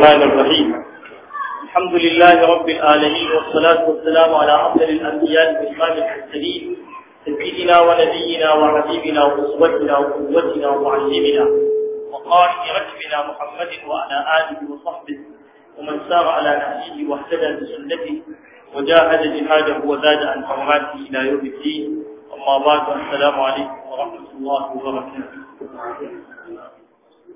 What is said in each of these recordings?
الرحمن الرحيم الحمد لله رب العالمين والصلاة والسلام على أفضل الأنبياء والإمام المرسلين سيدنا ونبينا وحبيبنا وأسوتنا وقوتنا ومعلمنا وقائد ركبنا محمد وعلى آله وصحبه ومن سار على نهجه واهتدى بسنته وجاهد جهاده وزاد عن حرماته إلى يوم الدين أما بعد السلام عليكم ورحمة الله وبركاته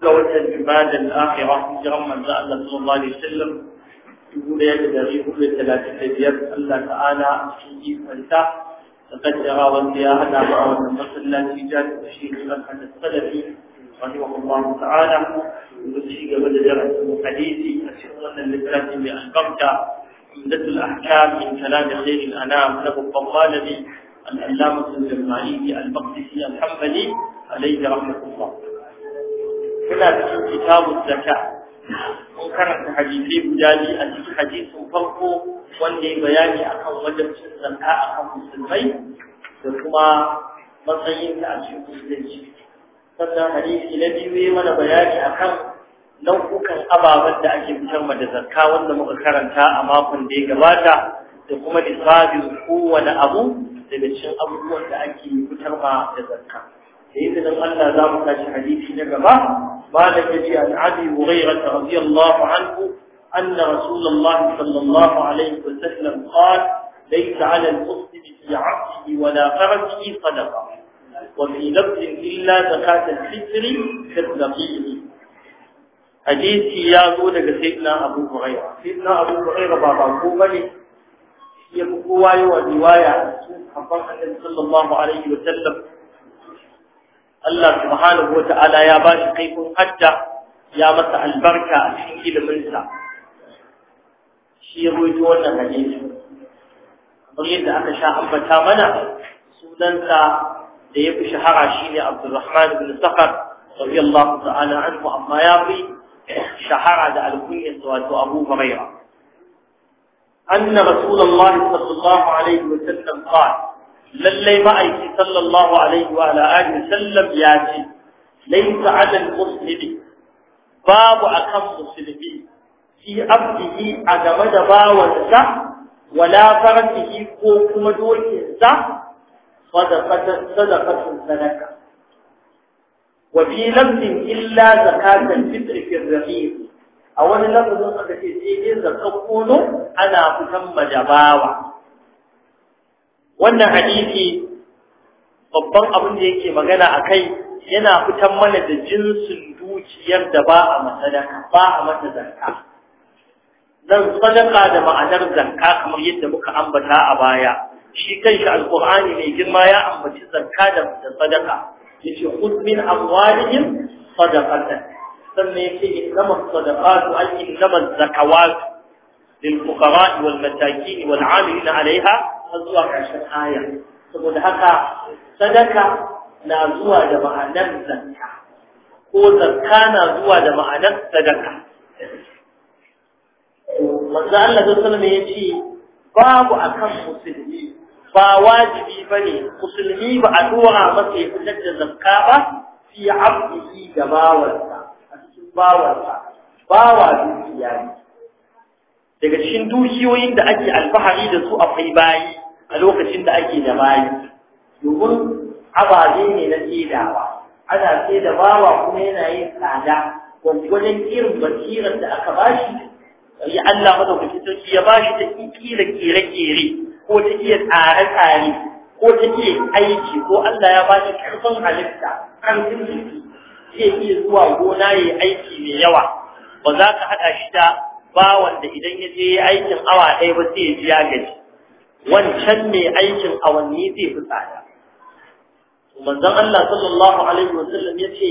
قوة جبال الآخرة جرما زعل صلى الله عليه وسلم يقول يا جدري كل ثلاثة أيام الله تعالى في فانتا لقد جرى يا أنا معاوة النصر التي جاءت تشير لمنهج السلفي رحمه الله تعالى وتشير قبل درس حديثي أشكرنا للثلاثة بأشبرك عمدة الأحكام من كلام خير الأنام أبو الضمالبي العلامة الجمائي المقدسي الحنبلي عليه رحمة الله suna cikin kitabun zaka mun karanta hadisi guda biyu a cikin hadisin farko wanda ya bayani akan wajen cin zaka kan musulmai da kuma matsayin ta a cikin musulunci sannan hadisi na biyu ya mana bayani akan nau'ukan ababen da ake fitar da zakka wanda muka karanta a makon da ya gabata da kuma lissafin kowane abu daga cikin abubuwan da ake fitar da zakka سيدنا أن za الحديث tashi ما na gaba malam yace an abi hurairah أن رسول الله صلى الله عليه وسلم قال ليس على المسلم في عقله ولا فرسه صدقة وفي لفظ إلا زكاة الفطر كالنقيل حديث يا ذولك سيدنا أبو هريرة سيدنا أبو هريرة بابا كوبلي يبقوا ويوى رواية عن رسول صلى الله عليه وسلم Allah subhanahu wata'ala ya ba shi kaifin hajja ya masa albarka a cikin iliminsa shi ya roji wannan hadisi kamar yadda aka sha ambata mana sunansa da ya fi shahara shine Abdulrahman ibn Sakhar radiyallahu ta'ala anhu amma ya fi shahara da alkunyar wato Abu Hurairah أن رسول الله صلى الله عليه وسلم قال lallai ma'aiki sallallahu alaihi wa alihi sallam ya ce laysa 'ala al-muslimi babu akan musulmi fi abdihi a game da bawansa wala fardihi ko kuma dokinsa sadaqatan sadaqatun sadaka wa fi lafzin illa zakatan fitr fi rahim a wani lafazin aka ce sai dai zakat kono ana fitan majabawa wannan hadisi babban abin da yake magana akai yana fitan mana da jinsin dukiyar da ba a masadaka ba a mata zarka dan sadaka da ma'anar zarka kamar yadda muka ambata a baya shi kanshi alqur'ani mai girma ya ambaci zakka da sadaka yace khudh min amwalihim sadaqatan sannan yace inna sadaqatu al zakawatu للفقراء والمساكين والعاملين عليها zuwa ƙarshen aya saboda haka sadaka na zuwa da ma'anar zakka ko zakka na zuwa da ma'anar sadaka manzo Allah sallallahu alaihi ce babu akan musulmi ba wajibi bane musulmi ba a dora masa ya fitar da zakka ba fi abdihi da bawarsa a cikin bawa dukiya ne daga cikin dukiyoyin da ake alfahari da su akwai bayi a lokacin da ake da bayi domin ababe ne na tsedawa ana sai da bawa kuma yana yin tsada wajen irin basirar da aka bashi ya Allah madaukakin sarki ya bashi ta ƙira ƙere-ƙere ko ta iya tsare-tsare ko ta iya aiki ko Allah ya bashi karfin halitta karfin jiki zai iya zuwa gona ya aiki mai yawa ba za ka haɗa shi da Ba wanda idan ya je aikin awa ɗaya ba sai ya ji ya gaji wancan ne aikin awanni zai fi tsada manzon Allah sallallahu alaihi wasallam ya ce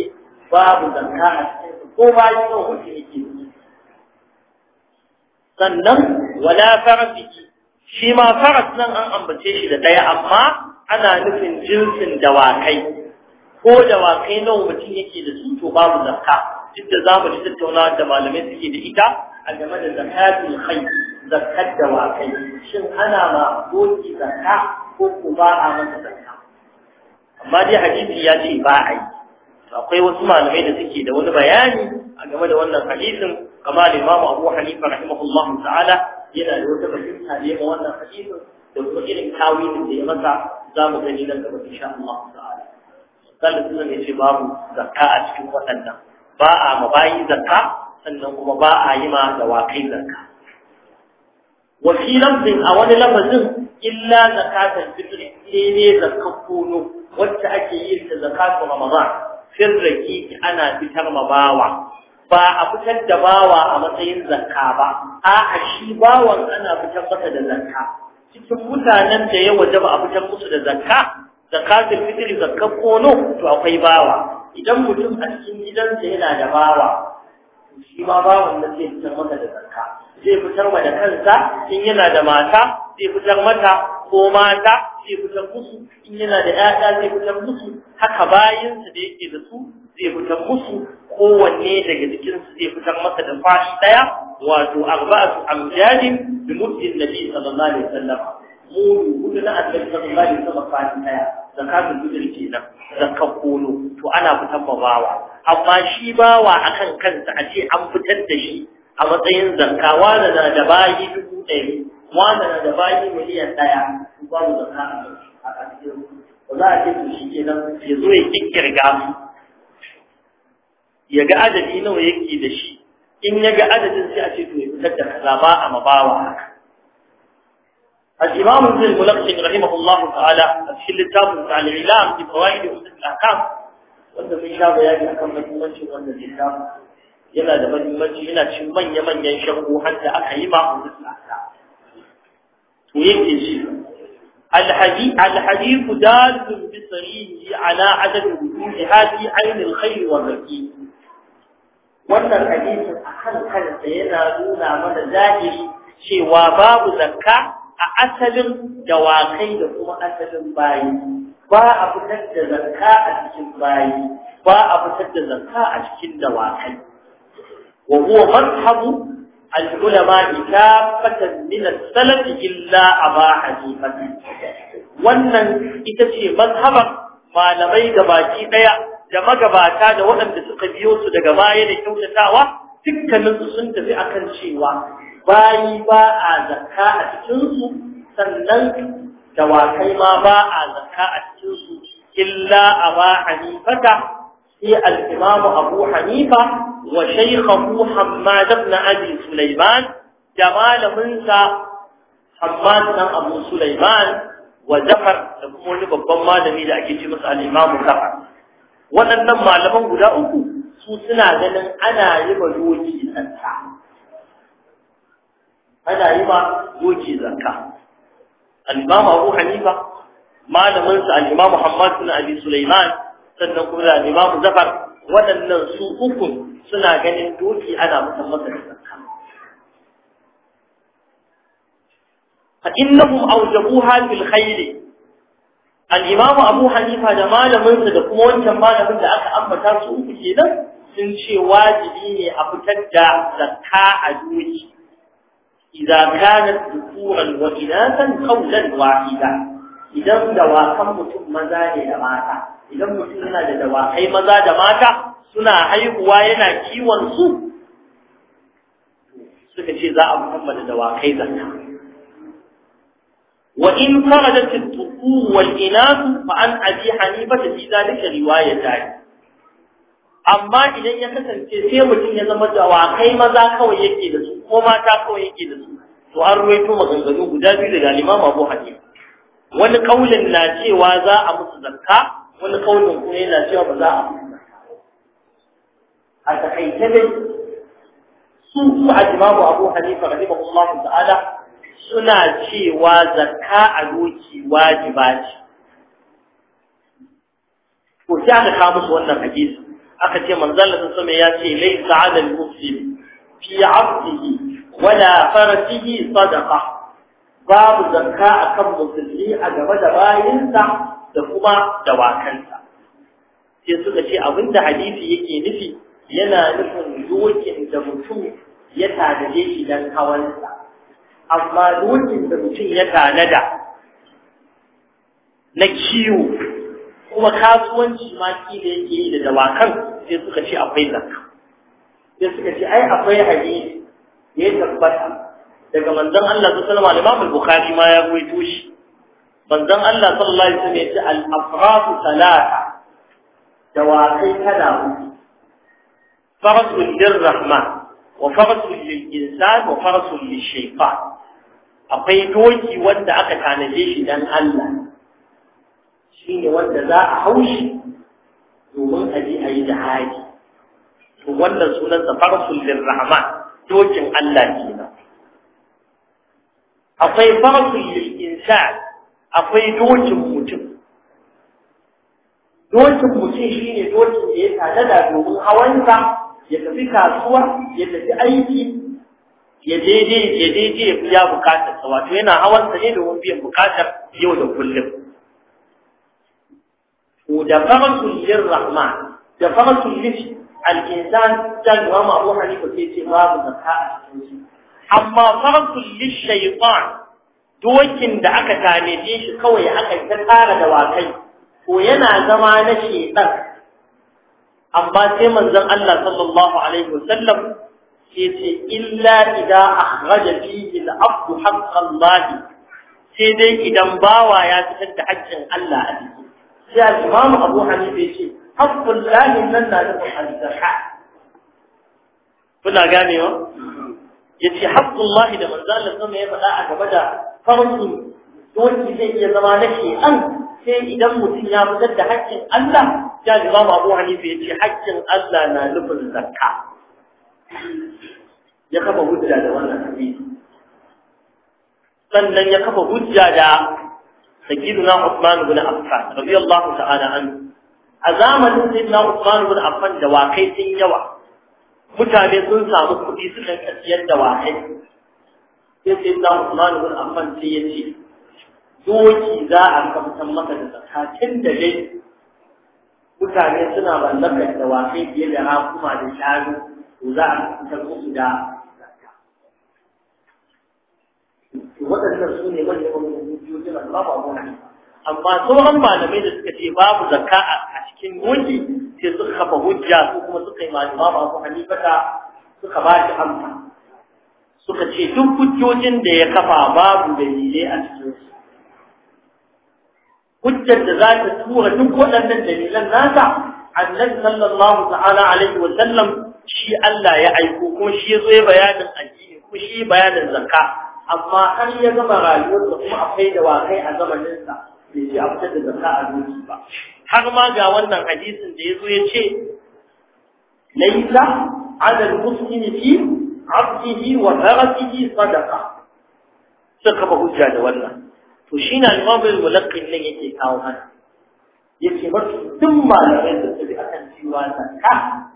babu danka a cikin ko ba shi ko hutu yake sannan wala farasi shi ma faras nan an ambace shi da ɗaya amma ana nufin jinsin dawakai ko dawakai nawa mutum yake da su to babu zakka duk da za mu ji tattaunawa da malamai suke da ita a game da zakatul kai, zakat da wakai shin ana ma doki zakka ko ku ba a masa zakka amma dai hadisi ya ce ba a yi akwai wasu malamai da suke da wani bayani a game da wannan hadisin kamar Imam Abu Hanifa rahimahullah ta'ala yana da wata fahimta da ga wannan hadisin da kuma irin tawilin da ya masa za mu gani nan gaba insha Allah ta'ala sallallahu alaihi wasallam ya ce babu zakka a cikin waɗannan ba a mabayi zakka sannan kuma ba a yi ma dawakai zakka Wafi fi a wani lafazin illa zakatar fitri sai ne zakkan kono wacce ake yi ta zakatu ramadan raki ana fitar ma bawa ba a fitar da bawa a matsayin zakka ba a'a shi bawan ana fitar masa da zakka cikin mutanen da ya waje a fitar musu da zakka zakatul fitri zakka kono to akwai bawa idan mutum a cikin gidansa yana da bawa shi ma bawan nan zai fitar maka da zakka zai fitar ma da kansa in yana da mata zai fitar mata ko mata zai fitar musu in yana da ƴaƴa zai fitar musu haka bayansa da yake da su zai fitar musu kowanne daga cikinsu zai fitar masa da fashi ɗaya wato arba'atu amjadin bi muddin nabi sallallahu alaihi wasallam mu hudu na annabi sallallahu alaihi wasallam fashi ɗaya zakatul fitr kenan zakka kolo to ana fitar ba bawa amma shi bawa akan kansa a ce an fitar da shi a matsayin zakka wanda na da bayi dubu ɗari wanda na da bayi miliyan ɗaya babu zakka a cikin ba za a ce to shi kenan ya zo ya kikkirga ya ga adadi nawa yake da shi in ya ga adadin sai a ce to ya fitar da kaza ba a mabawa haka الإمام ابن الملقن رحمه الله تعالى أدخل التابع على الإعلام في فوائد أمس الأحكام وأنت في شاب يأتي أكم مجمج وأن الإعلام يلا ده مجمج هنا تشمن يمن ينشغل حتى أكيما أمس الأحكام ويكتش الحديث الحديث دال بصريه على عدد وجود هذه عين الخير والركيب وأن الحديث أحد حدث ينادون من ذاكر شيء وباب زكاه a asalin dawakai da kuma asalin bayi ba a fitar da zanka a cikin bayi ba a fitar da zanka a cikin dawakai wa huwa madhhabu al-ulama kafatan min as-salaf illa aba hanifa wannan ita ce mazhabar malamai da baki daya da magabata da waɗanda suka biyo su daga baya da kyautatawa dukkanin su sun tafi akan cewa bayi ba a zakka a cikinsu sannan dawakai ma ba a zakka a cikinsu illa a ba hanifata sai al'imamu abu hanifa wa shaikhahu hammad ibn abi sulaiman da malaminsa hammad dan abu sulaiman wa zafar da kuma wani babban malami da ake ce masa al'imamu zafar waɗannan malaman guda uku su suna ganin ana yi ma doki ana yi ma doki zakka al-imam Abu Hanifa malamin sa al-imam Muhammad bin Abi Sulaiman sannan kuma al-imam Zafar waɗannan su uku suna ganin doki ana masa masa zakka fa innahum awjabuha bil khayl al-imam Abu Hanifa da malamin sa da kuma wancan malamin da aka ambata su uku kenan sun ce wajibi ne a fitar da zakka a doki إذا كانت ذكورا وإناثا قولا واحدا idan dawakan mutum maza ne da mata idan mutum yana da dawakai maza da mata suna haihuwa yana kiwon su suka ce za a muhammad da dawakai zakka wa in faradat at-tuqur wal inath fa an abi hanifa fi zalika riwayatan amma idan ya kasance sai mutum ya zama dawakai maza kawai yake da ko ta kawai yake da su to an ruwaito maganganu guda biyu daga Imam Abu Hanifa wani kaulin na cewa za a musu zakka wani kaulin kuma yana cewa ba za a musu a takaice dai su su a Imam Abu Hanifa rahimahullah ta'ala suna cewa zakka a doki wajiba ce ko sai aka kawo musu wannan hadisi aka ce manzon Allah sun ya ce laysa 'ala al في عبده ولا فرسه صدقة باب زكاة كم مسلمي أجمد da لكما دواكنسا sai suka ce abinda hadisi yake nufi yana nufin dokin da mutum ya tanaje shi don kawansa amma dokin da mutum ya tanada na kiwo kuma kasuwanci ma kila yake yi da dawakan sai suka ce akwai zakka sai suka ce ai akwai hadisi ya tabbata daga manzon Allah sallallahu alaihi wasallam al-Bukhari ma ya ruwaito shi manzon Allah sallallahu alaihi wasallam ya ce al-afrad salata dawakai kada hudu farasun lirrahman wa farasun lil-insan wa farasun lish-shaytan akwai doki wanda aka tanaje shi dan Allah shine wanda za a haushi domin a je a yi jihadi to wannan sunan sa farsul lirrahman dokin Allah kenan akwai farsul lil insan akwai dokin mutum dokin mutum shine dokin da ya tanada domin hawansa ya tafi kasuwa ya tafi aiki ya daidai ya daidai ya biya bukatar sa wato yana hawansa ne domin biyan bukatar yau da kullum ko da farsul lirrahman da farsul lil al’insan can gama abu halittu ke a cikin Amma farkun lishayi ba, dokin da aka tane shi kawai aka ta dawakai. da wakai, ko yana zama na shekar. Amma sai manzon Allah sallallahu Alaihi wasallam ke ce, Illa ida a da abu haƙƙan sai dai idan bawa ya fitar da haƙƙin Allah a jiki. Sai a abu hannu haƙƙun lahin nan na nufin alzaka kuna gane wa? ya ce haƙƙun lahi da manzalin sama ya faɗa a gaba da farzu doki zai iya zama na an sai idan mutum ya fitar da haƙƙin Allah ya ji babu abu hanifa ya ce haƙƙin Allah na nufin zakka ya kafa hujja da wannan hadisi sannan ya kafa hujja da sayyiduna Uthman ibn Affan radiyallahu ta'ala anhu a zamanin na Usman ibn Affan da wakai sun yawa mutane sun samu kuɗi kan kasiyar da wakai sai na Usman ibn Affan sai ya ce doki za a kamtan maka da zakatin da dai mutane suna mallakar da wakai fiye da kuma da shanu to za a kamtan musu da waɗannan su ne manyan hujjojin Allah ba mu amma sauran malamai da suka ce babu zakka a cikin gunki sai suka kafa hujja su kuma suka yi malama ba su halifata suka ba shi amsa suka ce duk hujjojin da ya kafa babu dalilai a cikin su hujjar da za ta tura duk waɗannan dalilan nasa annabi sallallahu ta'ala alaihi wa sallam shi Allah ya aiko kuma shi ya zo ya bayanin addini kuma shi bayanin zakka amma har ya gama rayuwarsa kuma akwai da wakai a zamaninsa bai a fitar da zakka a ba har ma ga wannan hadisin da ya zo ya ce laisa ala al-muslimi fi abdihi wa gharatihi sadaqa suka ba hujja da wannan to shi na imamul mulaqqin nan yake kawo mana yake mafi tun malamai da su bi akan cewa zakka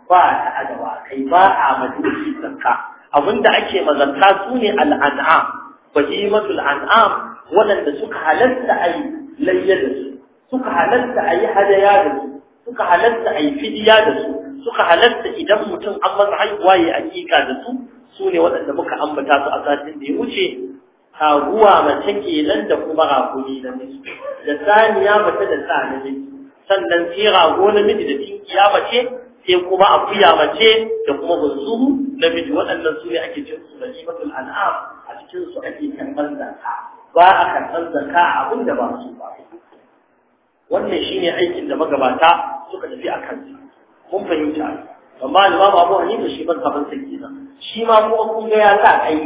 ba ta adawa kai ba a maduki zakka abinda ake mazakka su ne al'an'am bahimatul an'am waɗanda suka halatta ayi layya da su suka halatta a yi hadaya da su suka halatta a yi fidiya da su suka halatta idan mutum an masa haihuwa ya hakika da su su ne waɗanda muka ambata su a satin da ya wuce taguwa mace kenan da kuma rakuni na miji da saniya mace da sa na miji sannan sai rago na miji da tinkiya mace sai kuma akuya mace da kuma bunsuhu na miji waɗannan su ne ake cin su da jimatul an'am a cikin su ake karɓar zakka ba a karɓar zakka a abin da ba su ba wannan shi ne aikin da magabata suka tafi a kansa mun fahimta amma Imam Abu Hanifa shi ban kaban sai kenan shi ma kuma kun ga ya sa kai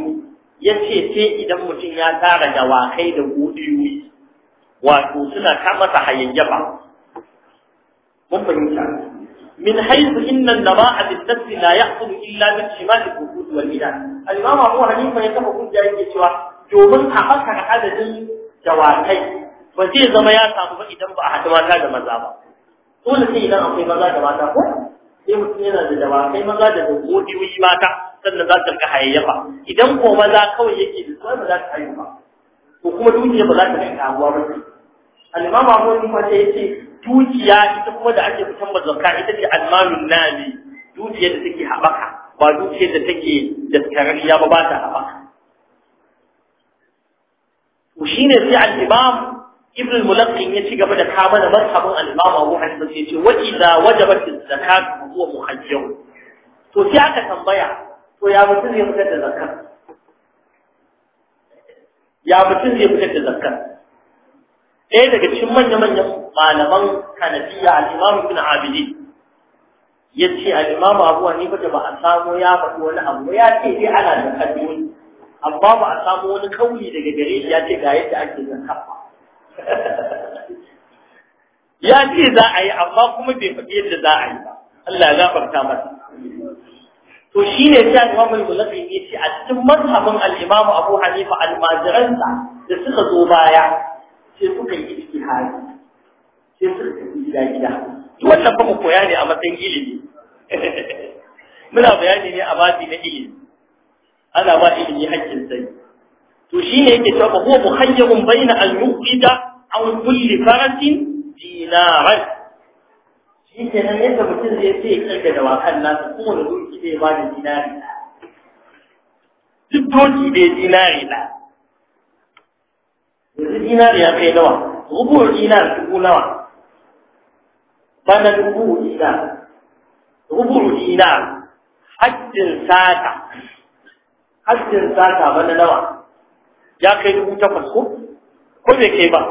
ce sai idan mutum ya tara dawakai da gudiyoyi wato suna ka masa hayyafa mun fahimta min haythu inna an-nama'a bin-nafs la ya'khudhu illa min shimal al-qud wal-ilan al-imam Abu Hanifa ya kafa hujja yake cewa domin a fakar adadin dawakai ba zai zama ya samu ba idan ba a haɗu mata da maza ba dole sai idan akwai maza da mata ko sai mutum yana da dawakai maza da dabbobi mata sannan za ta rika hayayyafa idan ko maza kawai yake da su ba za ta haihu ba ko kuma dukiya ba za ta rika haguwa ba ce al-imam Abu ta ya ce dukiya ita kuma da ake fitan bazaka ita ce al nami nali dukiya da take haɓaka ba dukiyar da take daskarariya ba ba ta haɓaka ku ne sai al’imam ibn al ya ci gaba da kama da mazhabin al’imam imam Abu Hanifa sai ce wa idza da az-zakat fa mu muhajjir to sai aka tambaya to ya mutum zai fitar da zakat ya mutum zai fitar da zakat ɗaya daga cikin manya-manyan malaman kanafiya al’imam ibn abidi ya ce al’imam Abu Hanifa da ba a samu ya faɗi wani abu ya ce dai ana da kalmomi amma ba a samu wani kauli daga gare shi ya ce ga yadda ake zakka ba ya ce za a yi amma kuma bai faɗi yadda za a yi ba Allah ya gafarta masa to ne sai Imam al-Mulaqqi ya ce a cikin mazhabin al-Imam Abu Hanifa al-Maziransa da suka zo baya sai suka yi ijtihadi sai suka yi gida gida wannan ba mu koya ne a matsayin ilimi muna bayani ne a babi na ilimi ana ba ilimi haƙƙin sai to shine yake cewa huwa muhayyarun baina an yuqida an kulli faratin dinaran shi ke nan yadda mutum zai sai kirga da wakan nasa da doki zai ba da dinari duk doki bai dinari na yanzu dinari ya kai nawa rubuwar dinar dubu nawa bana dubu dinar rubuwar dinar haddin sata hajjin ta bana nawa ya kai dubu takwas ko ko bai kai ba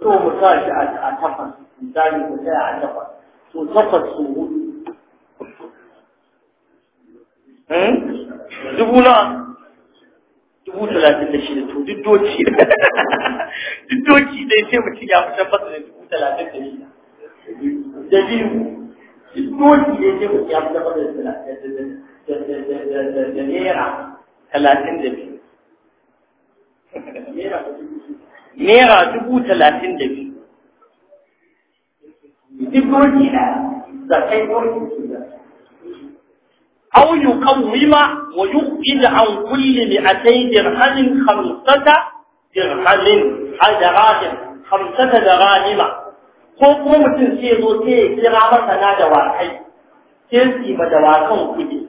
to mu sa shi a takwas misali mu tsaya a takwas to takwas su hudu hmm? dubu na dubu talatin da shida to duk doki duk doki dai sai mu ya fitar tabbas da dubu talatin da shida da biyu duk doki dai sai mutum ya fi masa da talatin da shida da naira talatin da biyu naira dubu talatin da biyu duk wani da zakai wani أو يقوم عن كل مئتي درهم خمسة درهم دراهم خمسة دراهم ko kuma mutum sai zo sai ya kira masa na dawakai kuɗi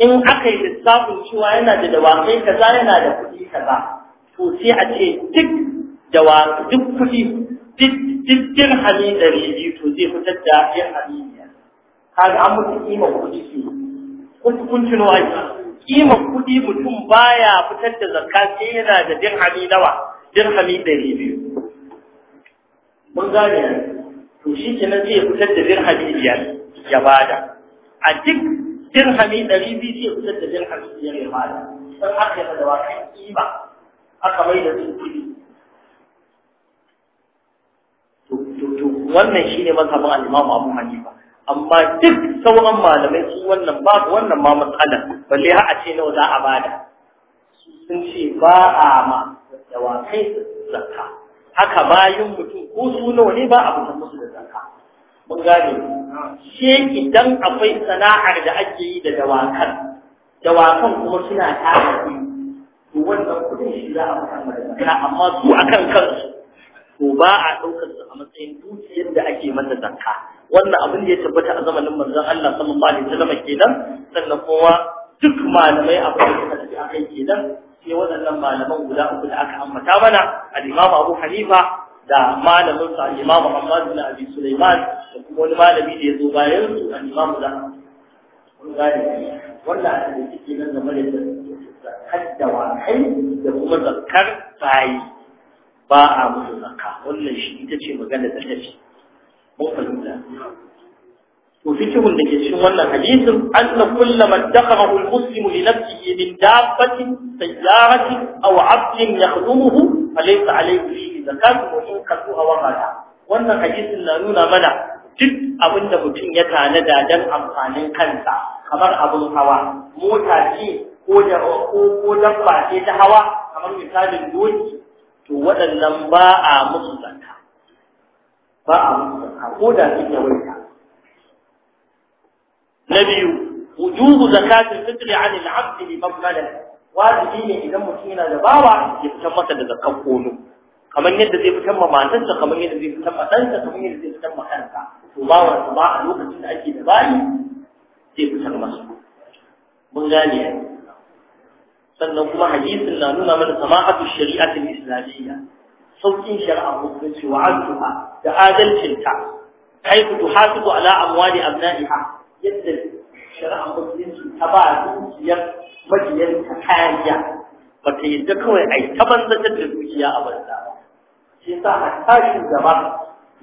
in aka yi lissafin cewa yana da dawakai kaza yana da kuɗi kaza to sai a ce duk dawakai duk kuɗi duk hali da biyu to zai fitar da dirhami biyar kaga an mutu kima kuɗi ke kun kun tuno ai kima kuɗi mutum baya fitar da zakka sai yana da wa, nawa hali da biyu mun gane to shi kenan zai fitar da hali biyar ya bada a duk dirhami ɗari biyu ce, fitar da dirhami biyar ya fada don haka yana da wakan kima aka mai da su To wannan shine mazhabin al-Imam Abu Hanifa amma duk sauran malamai su wannan ba wannan ma matsala balle har a ce nawa za a bada sun ce ba a ma da wakai zakka haka bayan mutum ko su nawa ne ba a mutum musu da zakka Kun gane shi idan akwai sana'ar da ake yi da dawakan dawakan kuma suna tafi to wannan kudin shi za a fara da amma su akan kansu to ba a ɗaukar su a matsayin dukiyar da ake mata zakka wannan abin da ya tabbata a zamanin manzon Allah sallallahu alaihi wasallam kenan sannan kuma duk malamai a da suka tafi akai kenan sai waɗannan malaman guda uku da aka ambata mana al-Imam Abu Hanifa da malamin sa Imam Muhammad bin Abi Sulaiman da kuma wani malami da ya zo bayan su Imam da kun gane wannan a da kike nan game da zakat da wakai da kuma zakar bayi ba a musu zakka wannan shi ita ce magana da tafi mun fahimta to fikihun da ke cikin wannan hadisin anna kullu man dakharahu al-muslimu li nafsihi min dabbatin sayyaratin aw 'abdin yakhdumuhu falaysa alayhi fihi zakatu wannan hadisin na nuna mana duk abinda mutum ya tanada dan amfanin kansa kamar abin hawa mota ce ko da ko dabba ce ta hawa kamar misalin doki to waɗannan ba a musu ba a musu ko da na biyu wujubu zakatul fitri an al-abd li mablalah wajibi ne idan mutum yana da bawa ya fitar masa da zakat kono kamar yadda zai fitar ma matarsa kamar yadda zai fitar ma ɗansa kamar yadda zai fitar ma kansa to bawa su ba a lokacin da ake da bayi zai fitar masa mun gane sannan kuma hadisin na nuna mana sama'atu shari'atul islamiyya saukin shari'a musulunci wa azzuha da adalcinta kai ku tuhasibu ala amwali abna'iha yadda shari'ar musulunci ta ba zuciyar majiyar ta kariya ba ta yadda kawai a yi ta banzatar da zuciya a banza ba shi sa a tashin gaba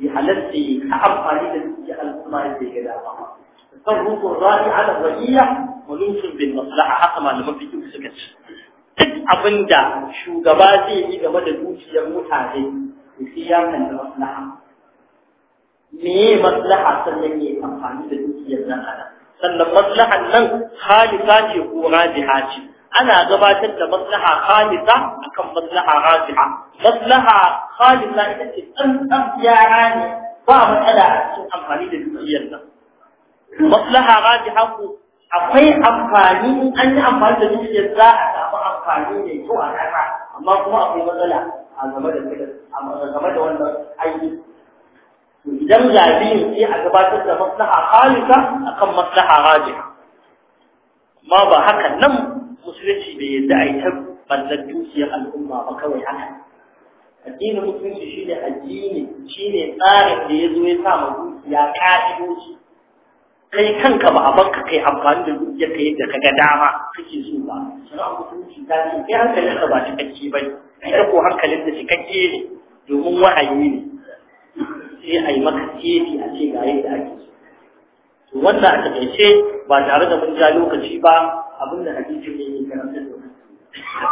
ya halatta ya amfani da zuciya al'umma yadda ya gada ba san rukun rani ala waliya mulkin bin maslaha haka malaman fikin suka ci duk abinda shugaba zai yi game da zuciyar mutane sai ya kan da maslaha me maslaha sannan ya amfani da dukiyar nan ana sannan maslahan nan halisa ce ko rajiha ce ana gabatar da maslaha halisa akan maslaha rajiha maslaha halisa ita ce tsantsan yara ne ba matsala a cikin amfani da dukiyar nan maslaha rajiha ko akwai amfani an yi amfani da dukiyar za a samu amfani ne kyau a rana, amma kuma akwai matsala a game da game da wannan aiki idan zabi sai a gabatar da maslaha khalisa akan maslaha rajiha amma ba haka nan musulunci bai yadda a yi ta ballar dukiyar al'umma ba kawai haka addinin musulunci ne addini shine tsarin da ya zo ya sa ma dukiya ka'idoji kai kanka ba a banka kai amfani da dukiyar ka yadda ka ga dama kake so ba shari'a musulunci ta ce kai hankalin ka ba cikakke ba ne ko hankalin da cikakke ne domin wahayi ne sai a yi maka kefi a ce ga yadda ake so wanda a takaice ba tare da mun ja lokaci ba abin da hadisi ne ne karantar da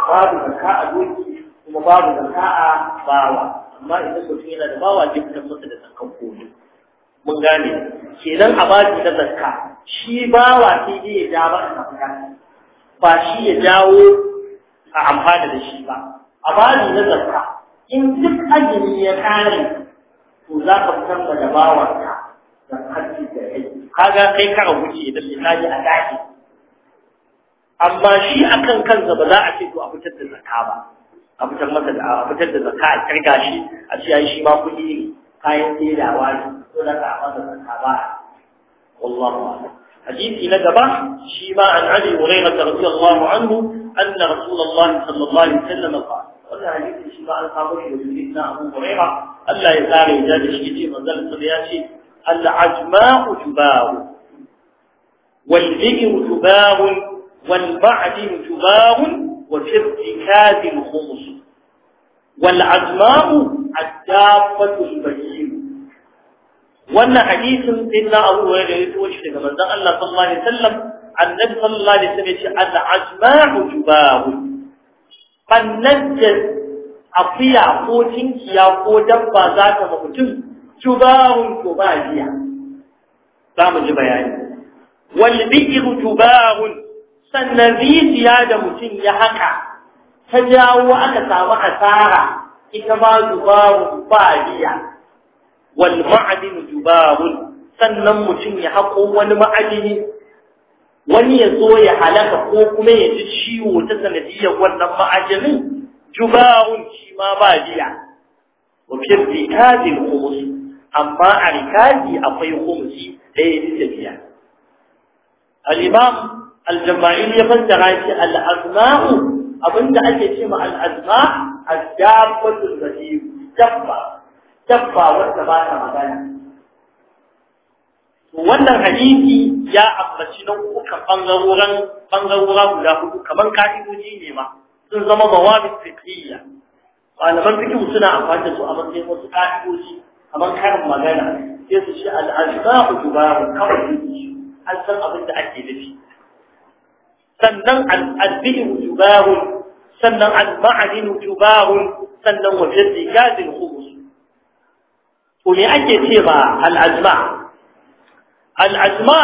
babu zakka a doki kuma babu zakka a bawa amma idan mutum yana da bawa zai fitar masa da zakkan komai mun gane kenan a baki na zakka shi bawa sai dai ya ja ba a ba shi ya jawo a amfana da shi ba a na zakka in duk ajini ya kare to za ka fitar da dabawarka da hajji da kai kaga kai ka wuce da misali a dahi amma shi akan kansa ba za a ce to a fitar da zakka ba a fitar masa da a fitar da zakka a kirga shi a ce ai shi ma kuɗi ne kayan saidawa ne to da ka masa zakka ba wallahu a'lam حديث ندبة شيما عن علي هريرة رضي الله عنه أن رسول الله صلى الله عليه وسلم قال ولا حديث شيما عن قابل وجدنا أبو هريرة Allah ya tsare ya da shi ce manzon sun ya ce al-ajma'u tubahu wal bi'ru tubahu wal ba'di tubahu wa fi irtikad al-khums wal ajma'u ad bayyin wannan hadisin din na Abu Hurairah ya rito shi daga manzon Allah sallallahu alaihi wasallam annabi sallallahu alaihi wasallam ya ce al-ajma'u tubahu fannajas akuya ko cinkiya ko dabba za ta mutum tubahun ko ba jiya. za mu ji bayani wal bi'ru tubahun sannan rijiya da mutum ya haka ta jawo aka samu asara ita ba dubarun ba jiya. wal ma'adin sannan mutum ya hako wani ma'adini wani ya zo ya halaka ko kuma ya ji ciwo ta sanadiyar wannan ma'adinin jubarun ma ba biya wa fi rikazi al-khums amma a rikazi akwai khumsi ɗaya bisa biya al-imam al-jama'il ya fassara shi al-azma'u abinda ake ce ma al-azma ad wannan hadisi ya ambaci nau'ukan bangaroran bangarora guda hudu kamar ka'idoji ne ma sun zama bawabi fiqhiyya malaman fikihu suna amfani da su a matsayin wasu ƙa'idoji kamar karin magana sai su ce al'ashbahu jubaru kawai an san abin da ake nufi sannan al'adbihu jubaru sannan al-ma'adinu jubaru sannan wajen rigajin hukus to me ake ce ba al'ajma al'ajma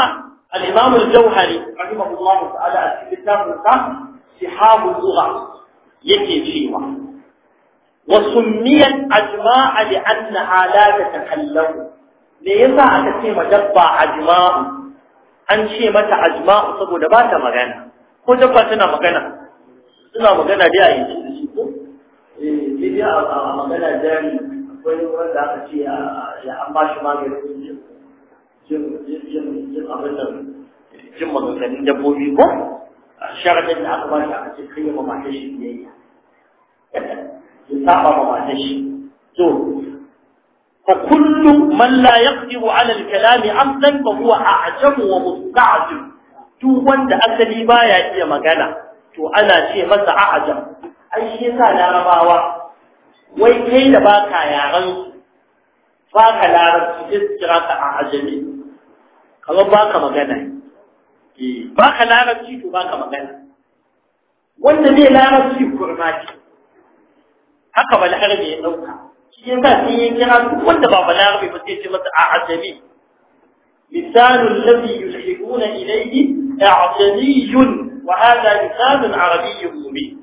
al-imam al-jauhari rahimahullahu ta'ala a cikin littafin sa sihabul lugha cewa وسميت أجماع لأنها لا تتكلم ليسا أتتي مجبع أجماع أنشي متى أجماع صبو دبات مغانا ko dabba tana magana suna magana dai a yanzu da shi ko eh a magana jari akwai wanda aka ce ya an ba jin jin jin abin da jin dabbobi ko sharadin da aka aka ce ma ya saba ma matan shi to fa kullu man la yaqdiru ala al-kalami amdan fa huwa a'jamu wa musta'jib duk wanda asali baya iya magana to ana ce masa a'jam ai shi yasa larabawa wai kai da baka yaran baka larabci sai kira ka a'jami kamar baka magana eh, baka larabci to baka magana wanda zai larabci kurma ce haka ba lahar da ya dauka cikin ta sun yi kira duk wanda ba مثال الذي يلحقون إليه أعجمي وهذا لسان عربي مبين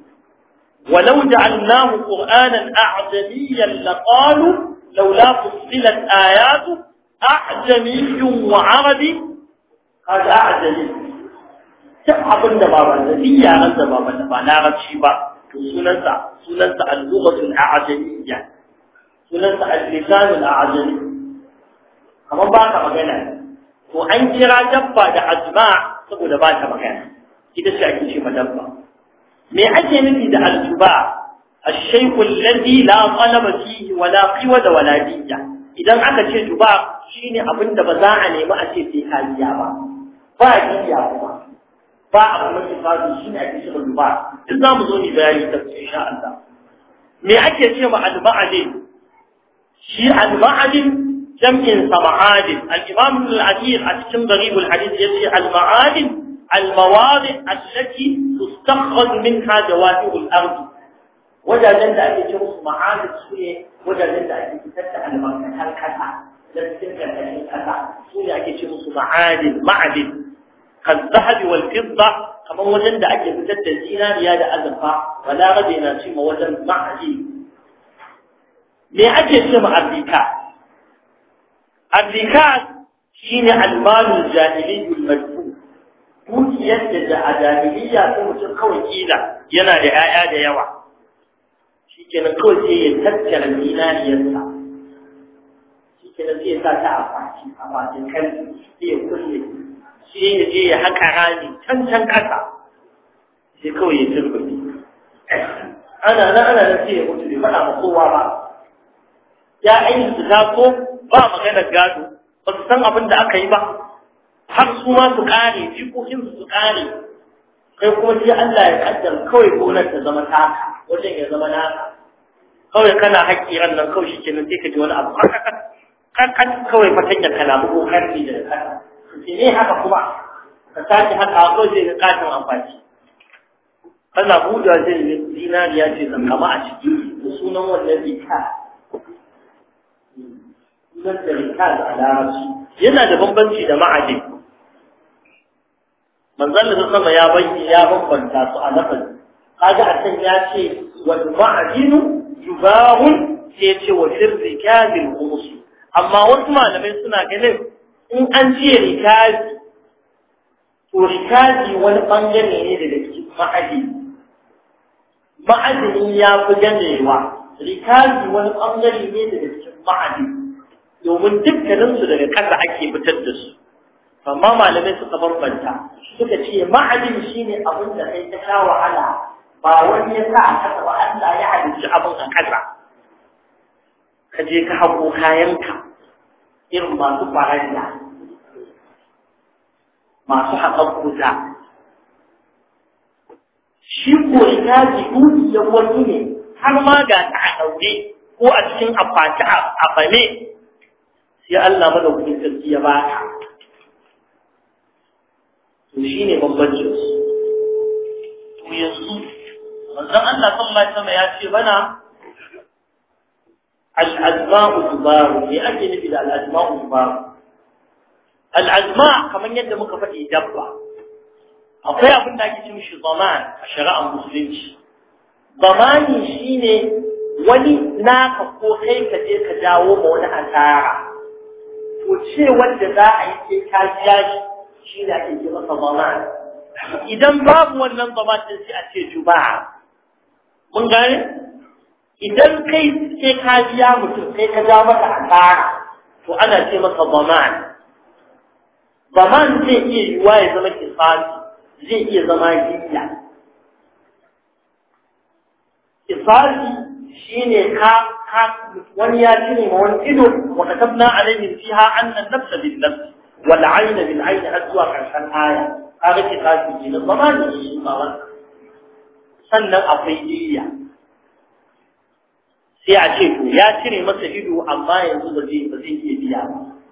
ولو جعلناه قرآنا أعجميا لقالوا لولا فصلت آياته أعجمي وعربي قال أعجمي سبعة بند بابا نبيا بند بابا نبيا بند بابا نبيا sunansa sunansa al-lughatul a'jamiyya sunansa al-lisanul a'jami amma ba ka magana Ko an kira dabba da azma saboda ba ta magana ita ce ake ce dabba me ake nufi da al-juba الشيخ الذي لا قلم فيه ولا قوة ولا دية idan aka ce juba shine abin da ba za a nemi a ce sai kariya ba ba diya ba. ba a kuma ifadi shi ne ake shirin duba duk za mu zo ni bayani da su insha Allah me ake ce ma al-ma'adin shi al-ma'adin jam'in sa ma'adin al-imam al-athir a cikin gharib al-hadith yace al-ma'adin al-mawadi' allati tustakhadh minha jawami'u al-ardh wajajen da ake cin su ma'adin su ne wajajen da ake fitar da albarkatar kasa da cikin karkashin kasa su ne ake cin su ma'adin ma'adin kazzahabi wal fidda kamar wajen da ake fitar da zinariya da azurfa balarabe na ce ma wajen ma'aji me ake ce ma arzika arzika shine almalul jahiliyyul madfu dukiyar da da jahiliyya ko mutum kawai kila yana da 'ya'ya da yawa shikenan kawai sai ya tattara zinariyarsa shikenan sai ya sa ta a fashi a fashin kan sai ya kulle Shi ya je ya haƙa rami can can ƙasa sai kawai ya rubuti ana nan ana nan sai ya mutu bai faɗa ma kowa ba ya ainihin su taso ba maganar gado ba su san abin da aka yi ba har su ma su ƙare jikokin su ƙare kai kuma sai Allah ya kaddar kawai gonar ta zama taka wajen ya zama naka kawai kana haƙƙi ran nan kawai shi kenan sai ka ji wani abu kan kawai fatanya kalamu ko karfi da kana ne haka kuma ka tashi haka akwai zai ka katin amfani kana buɗe zai ga zinariya ce kama a ciki da sunan wannan rika sunan da rika da su. yana da bambanci da ma'adin manzon da sama ya bayyana ya bambanta su a lafazi kaga a can ya ce wal ma'adinu yubahun sai ya ce wa kamil bil amma wasu malamai suna ganin in an ce rikazi to rikazi wani bangare ne daga cikin ma'adini ma'adini ya fi ganewa rikazi wani bangare ne daga cikin ma'adini domin dukkaninsu daga ƙasa ake fitar da su amma malamai suka bambanta suka ce ma'adin shine abin da kai ta sha wahala ba wani ya sa a kasa ba Allah ya halicci abin a ƙasa. ka je ka hako kayanka irin masu faranya masu haƙar kuta shi ko shaji dukiyar wani ne har ma ga ta a ɗaure ko a cikin afaci a bane sai Allah madaukakin sarki ya ba ta to shine bambancin su to yanzu manzon Allah sallallahu alaihi ya ce bana al'azma'u tubaru me ake nufi da al'azma'u tubaru al'azma kamar yadda muka faɗi dabba akwai abin da ake cin shi zaman a shari'ar musulunci zamani shine wani naka ko kai ka je ka dawo ma wani asara to ce wanda za a yi sai ka biya shi shine ake ce zaman idan babu wannan zaman din sai a ce juba mun gane idan kai sai ka biya mutum sai ka ja masa asara to ana ce masa zaman zaman zai iya yiwuwa ya zama kisasi zai iya zama jiya kisasi shine ka ka wani ya cire ma wani ido wa katabna alaihim fiha anna an-nafsa bin-nafs wal-'ayna bil har zuwa ƙarshen aya kaga kisasi ne zaman ne ba wannan sannan akwai jiya sai a ce to ya cire masa ido amma yanzu ba zai ba zai iya biya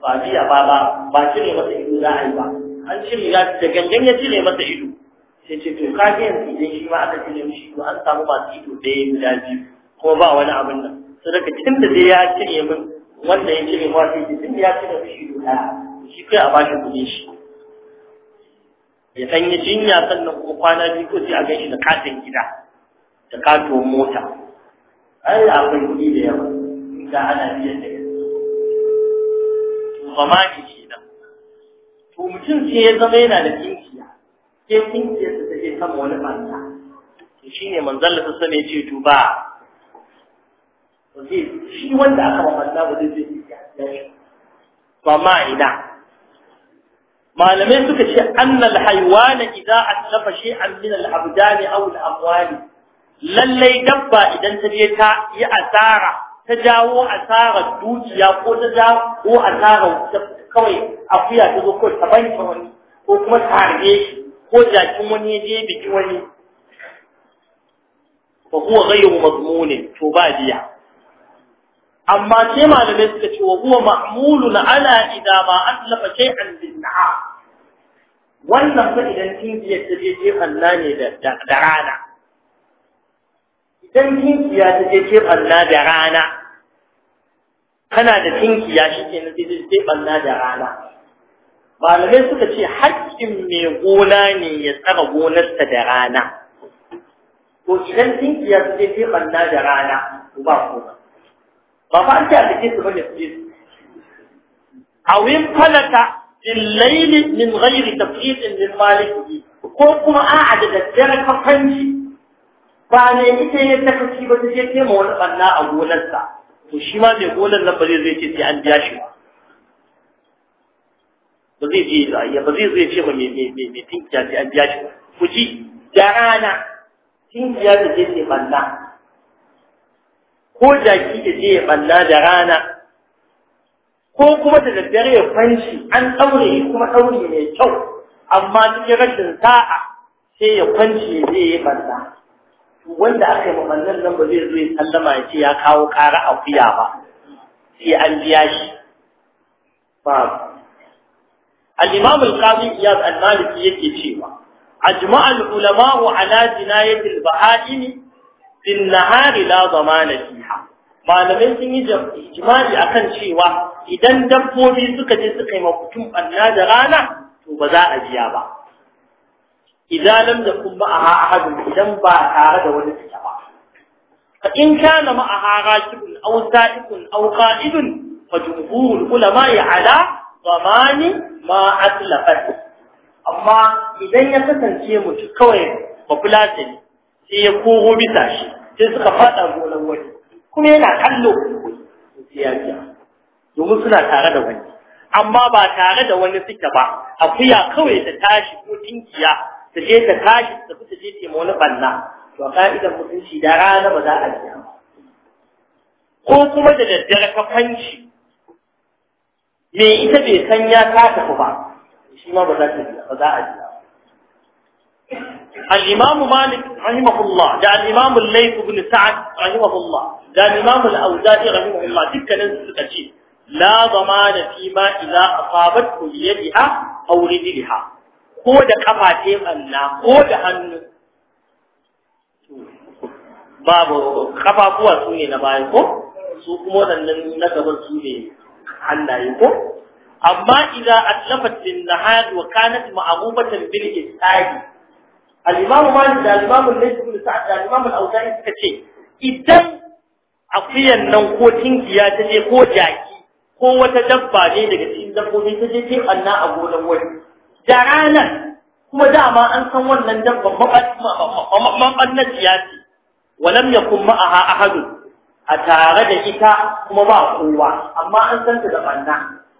ba biya ba ba ba cire masa ido za a yi ba an cire ya da gangan ya cire masa ido sai ce to ka ga yanzu idan shi ma aka cire shi, to an samu masu ido ɗaya guda biyu kuma ba wani abin nan sai daga cikin da dai ya cire min wanda ya cire ma sai cikin da ya cire mishi ido ɗaya shi kai a bashi kuɗin shi ya sanya yi jinya sannan kuma kwana biyu ko sai a gan shi da katin gida da katon mota ai akwai kuɗi da yawa ga ana biyan da zamani ke nan to mutum sai ya zama yana da kinkiya sai kinkiya ta take kama wani banta to shi ne Allah sai ya ce to ba to sai shi wanda aka ba manzo ba zai ce ba ma ina malamai suka ce annal idan idza atlafa shay'an min al-abdani aw al-amwali lallai dabba idan ta je ta yi asara ta jawo asara dukiya ko ta jawo asarar kawai akuya ta zo ko ta banki wani ko kuma ta harbe shi ko jakin wani ya je biki wani fa huwa ghayru mazmuni to ba biya amma sai malamai suka ce wa huwa ma'mulun ana idza ma atlafa shay'an bin nahar wannan fa idan kin je ta je je Allah ne da rana idan tinkiya ta je ce balla da rana kana da tinkiya shi ke na zai ce balla da rana malamai suka ce haƙƙin mai gona ne ya tsara gonarsa da rana Ko idan tinkiya ta je ce balla da rana ba kuma ba fa an ce a dake su bane su je a wuyin falaka بالليل من غير تفريط من ko kuma a'a da daddare kafanci ba ne ita ya sakaci ba ta je ma wani ɓanna a gonarsa to shi ma mai gonar nan ba zai zai ce sai an biya shi ba ba zai je ya ba zai zai ce ma mai mai tinkiya sai an biya shi ba ku ji da rana tinkiya ta je sai ɓanna ko da ki ta ya ɓanna da rana ko kuma da daddare ya kwanci an ɗaure kuma ɗaure mai kyau amma cikin rashin sa'a sai ya kwanci ya je ya ɓanna wanda aka yi mamannan nan ba zai zo ya sallama ya ce ya kawo ƙara a ba sai an biya shi ba al-imam al-qadi iyad al-maliki yake cewa ajma al-ulama ala jinayat al-baha'im bin nahari la zamana fiha malamai sun yi ijma'i akan cewa idan dabbobi suka je suka yi mafutun banna da rana to ba za a biya ba idan لم yakun معها أحد idan ba tare da wani take ba fa in kana ma'aha rakibun aw sa'ikun aw qa'idun fa jumhurul ulama ya ala zamani ma atlafat amma idan ya kasance mutu kawai ba كم ينا sai ya kogo bisa shi amma ba tare da wani suke ba akuya kawai ta tashi ko dinkiya ta je ta tashi ta fita je ta wani banna to a ka'idar mutunci da rana ba za a ji ko kuma da daddare ka fanci me ita bai san ya ka tafi ba shi ma ba za ta ba za a ji الإمام مالك رحمه الله ده الإمام الليث بن سعد رحمه الله ده الإمام الأوزاعي رحمه الله تلك نزل الأجيب لا ضمان فيما إذا أصابته بيدها أو رجلها ko da kafa ce balla ko da hannu babu kuwa su ne na bayan ko su kuma waɗannan na gaban su ne hannaye ko amma idza atlafat lin nahad wa kanat ma'abubatan bil istadi al-imam malik da al-imam al-layth bin sa'd da al-imam al-awza'i suka ce idan akuyan nan ko tinkiya ta je ko jaki ko wata dabba ne daga cikin dabbobi ta je ta anna a gonar wani da ranar kuma dama an san wannan dabban mabannan siyasi walam ya kuma a ahadu a tare da ita kuma ba kowa amma an san ta da ɓanna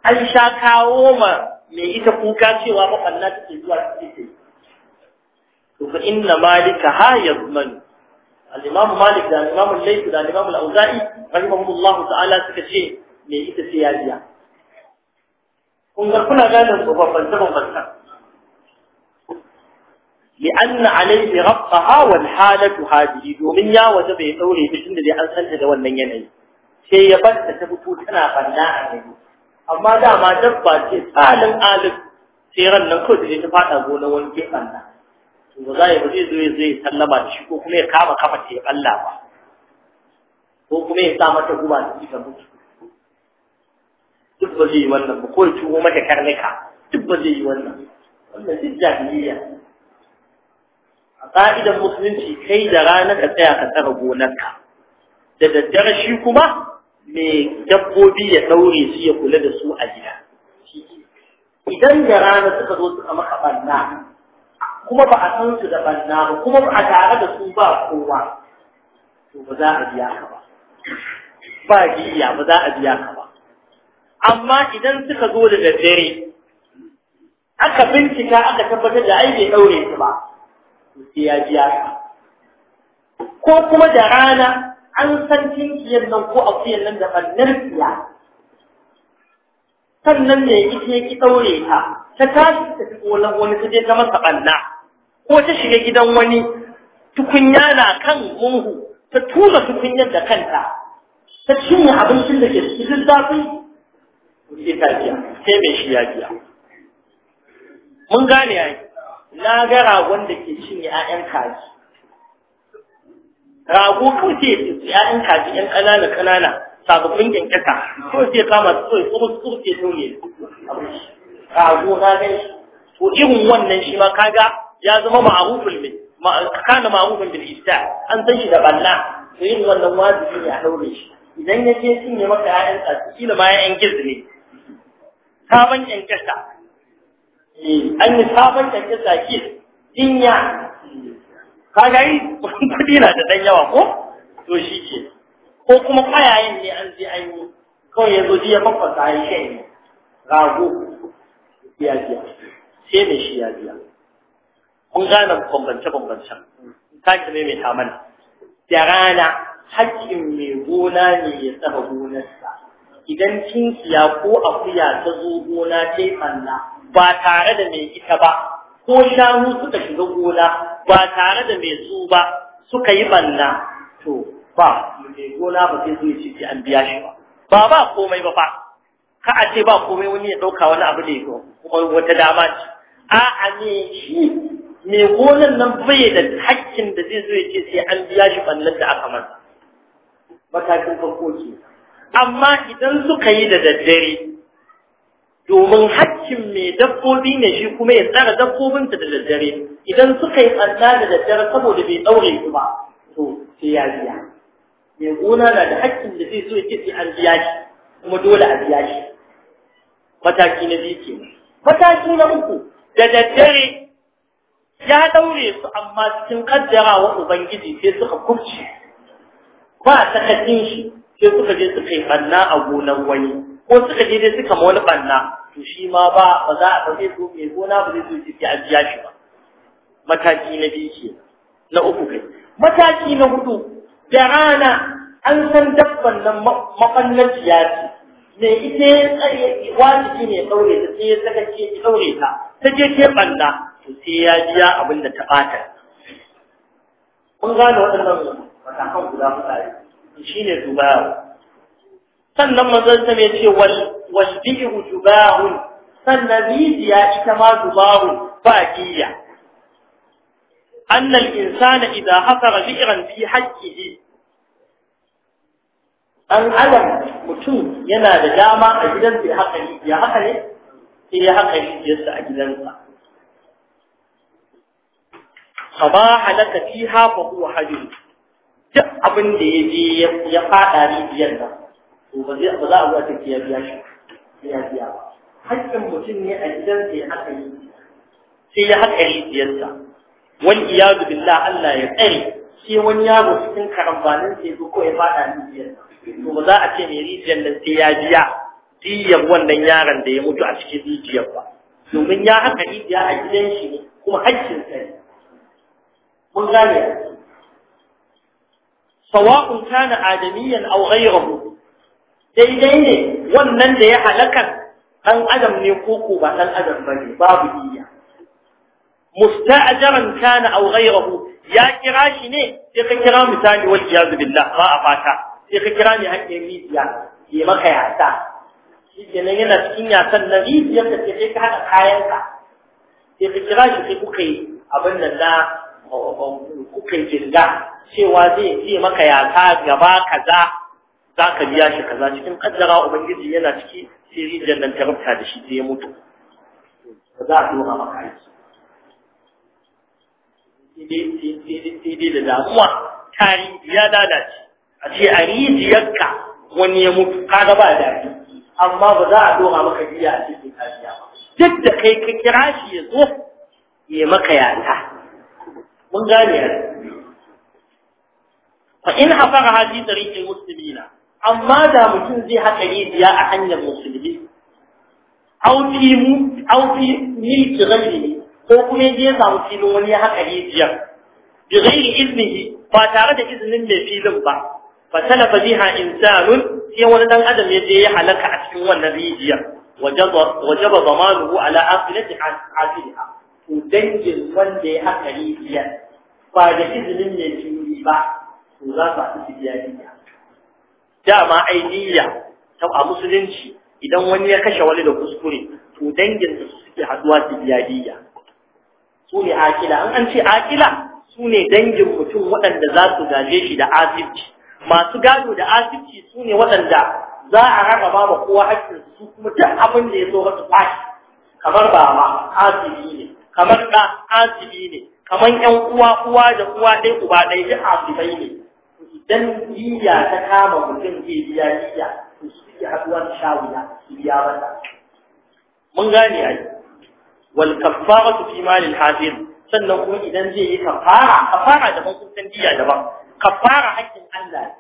an sha kawo ma mai ita kuka cewa maɓanna take zuwa cikin to fa inna malika ha yazmanu al-imam malik da al-imam da al-imam al-auza'i ta'ala suka ce me ita siyasiya kun ga kuna gane ko babban لأن عليه ربطها والحالة هذه ومن يا وجب يطولي بشن دي أن سنت دون ينعي شيء يبت تبتو تنا فناء أما دا ما دبا شيء سالم آلف سيرا ننكود اللي تفاتا بونا ونكي فناء وزاي بزي زي زي سلما تشكو كمي كاما كاما تيب الله وكمي kuma ya sa mata guba da ita mutu duk ba zai yi wannan ba ko a ƙa'idar musulunci kai da rana ka tsaya ka tsara gonarka da daddare shi kuma mai dabbobi ya ɗaure su ya kula da su a gida idan da rana suka zo suka maka banna kuma ba a san su da banna ba kuma ba a tare da su ba kowa to ba za a biya ka ba ba biya ba za a biya ka ba amma idan suka zo da daddare aka bincika aka tabbatar da ai bai ɗaure su ba sai ya biya ka ko kuma da rana an san kinkiyar nan ko a akuyan nan da fannar siya sannan ne ita ya ki ɗaure ta ta tashi ta fi wani ta je ta masa ɓanna ko ta shiga gidan wani tukunya na kan ungu, ta tura tukunyar da kanta ta cinye abincin da ke cikin zafi sai ta biya sai mai shi ya biya mun gane yi. na ga ragon da ke cin ‘ya'yan kaji. Rago kawai sai ‘ya'yan kaji ‘yan ƙanana ƙanana sababbin kyankyasa kawai sai kama su kawai su tsohon ke ne rago na gan shi. To irin wannan shi ma kaga ya zama ma'arufin mai kana ma'arufin da ista an san shi da balla to irin wannan wajibi ne a daure shi idan ya je cinye maka ‘ya'yan kaji kila ma ‘ya'yan gizi ne. Sabon kyankyasa an yi sabon kyanke zaki dinya kaga yi kudi na da ɗan yawa ko to shi ke ko kuma kayayin ne an je an yi kawai ya zo ji ya mafasa ya shan yi rago ya biya sai mai shi ya biya kun gane bambance bambancen sake ne mai tamana da rana haƙƙin mai gona ne ya tsara gonarsa idan tinkiya ko akuya ta zo gona ta yi ɓanna ba tare da mai ita ba ko shanu suka shiga gona ba tare da mai su ba suka yi banna to ba mai gona ba zai zuwa ciki an biya shi ba ba ba komai ba ba ka a ce ba komai wani ya ɗauka wani abu da ya kuma wata dama ce a a me shi mai gonan nan bai da hakkin da zai zo ya ce sai an biya shi bannan da aka masa matakin farko ke amma idan suka yi da daddare domin hakkin mai dabbobi ne shi kuma ya tsara dabbobinsa da daddare idan suka yi tsalla da daddare saboda bai daure su ba to sai ya biya mai gona na da hakkin da zai so ya ce an biya shi kuma dole a biya shi mataki na biyu ke mataki na uku da daddare ya daure su amma cikin kaddarawa ubangiji sai suka kurce ba ta kadin shi sai suka je suka yi banna a gonar wani ko suka je dai suka ma wani banna to shi ma ba ba za a zai so mai gona ba zai zo jiki a jiya shi ba mataki na biyu ke na uku kai mataki na hudu da rana an san dabban nan mafannaciya ce me ita ya tsaye wajibi ne ɗaure ta sai ya saka ce ki ɗaure ta ta je ke banna to sai ya jiya abin da ta ɓata. kun gane waɗannan matakan guda mutane shi ne dubawa sannan manzon sa ya ce wal wasbihu jubahun sannan rijiya ita ma jubahun ba diya annal insana idza hasara bi'ran fi haqqihi an alam mutum yana da dama a gidan bai haka ya haka ne sai ya haka rijiyarsa a gidansa sabaha laka fiha fa huwa hajjun duk abin da ya je ya fada rijiyar nan to ba za a zuwa take ya biya shi ya biya ba hakkin mutum ne a gidan sai haka yi sai ya haka yi Wani wal iyadu billah Allah ya tsare sai wani yaro cikin karambanin sai ya ko ya faɗa ni diyarsa to ba za a ce mai rijiyar nan sai ya biya diyar wannan yaron da ya mutu a cikin rijiyar ba domin ya haƙa rijiya a gidan shi ne kuma hakkin sa ne mun gane sawa'un kana adamiyan aw ghayruhu daidai ne wannan da ya halakar ɗan adam ne koko ba ɗan adam ba ne babu iya musta'jaran kana aw ghayruhu ya kira shi ne sai ka kira misali wal iyaz billah ba a fata sai ka kira ni hakkin rijiya ke maka yasa shi kenan yana cikin yasan na ka ce, sai ka haɗa kayanka sai ka kira shi sai kuka yi abin nan na kuka yi jirga cewa zai yi maka yasa gaba kaza za ka biya shi kaza cikin kaddara ubangiji yana ciki sai rijiyar nan ta rubuta da shi sai ya mutu ba za a dora maka aiki sai dai da damuwa tari ya lalace a ce a rijiyarka wani ya mutu ka kaga ba daɗi amma ba za a dora maka biya a cikin kariya ba duk da kai ka kira shi ya zo ya maka yata mun gane fa in hafara hadisi tarihi muslim amma da mutum zai haka rijiya a hanyar musulmi auki mu au milki ko kuma ya samu filin wani ya haka rijiya bi ghairi iznihi ba tare da izinin mai filin ba fa talafa biha insanun sai wani dan adam ya je ya halaka a cikin wannan rijiya wajaba wajaba zamanuhu ala aqilati aqilha to dangin wanda ya haka rijiya ba da izinin mai fili ba to za su a cikin rijiya dama ai niyya ta a musulunci idan wani ya kashe wani da kuskure to dangin da suke haduwa su biya su ne akila an an ce akila su ne dangin mutum waɗanda za su gaje shi da asibci masu gado da asibci su ne waɗanda za a rarraba ba kowa hakkin su kuma duk abin da ya zo su fashi kamar ma asibi ne kamar ɗa asibi ne kamar ƴan uwa uwa da uwa ɗaya uba ɗaya duk asibai ne idan jiya ta kama mutum zai biya jiya to su suke haduwa da shawula su biya mata mun gane ai wal kaffaratu fi malil hadir sannan kuma idan zai yi kafara kafara da hukuncin jiya daban kafara hakkin Allah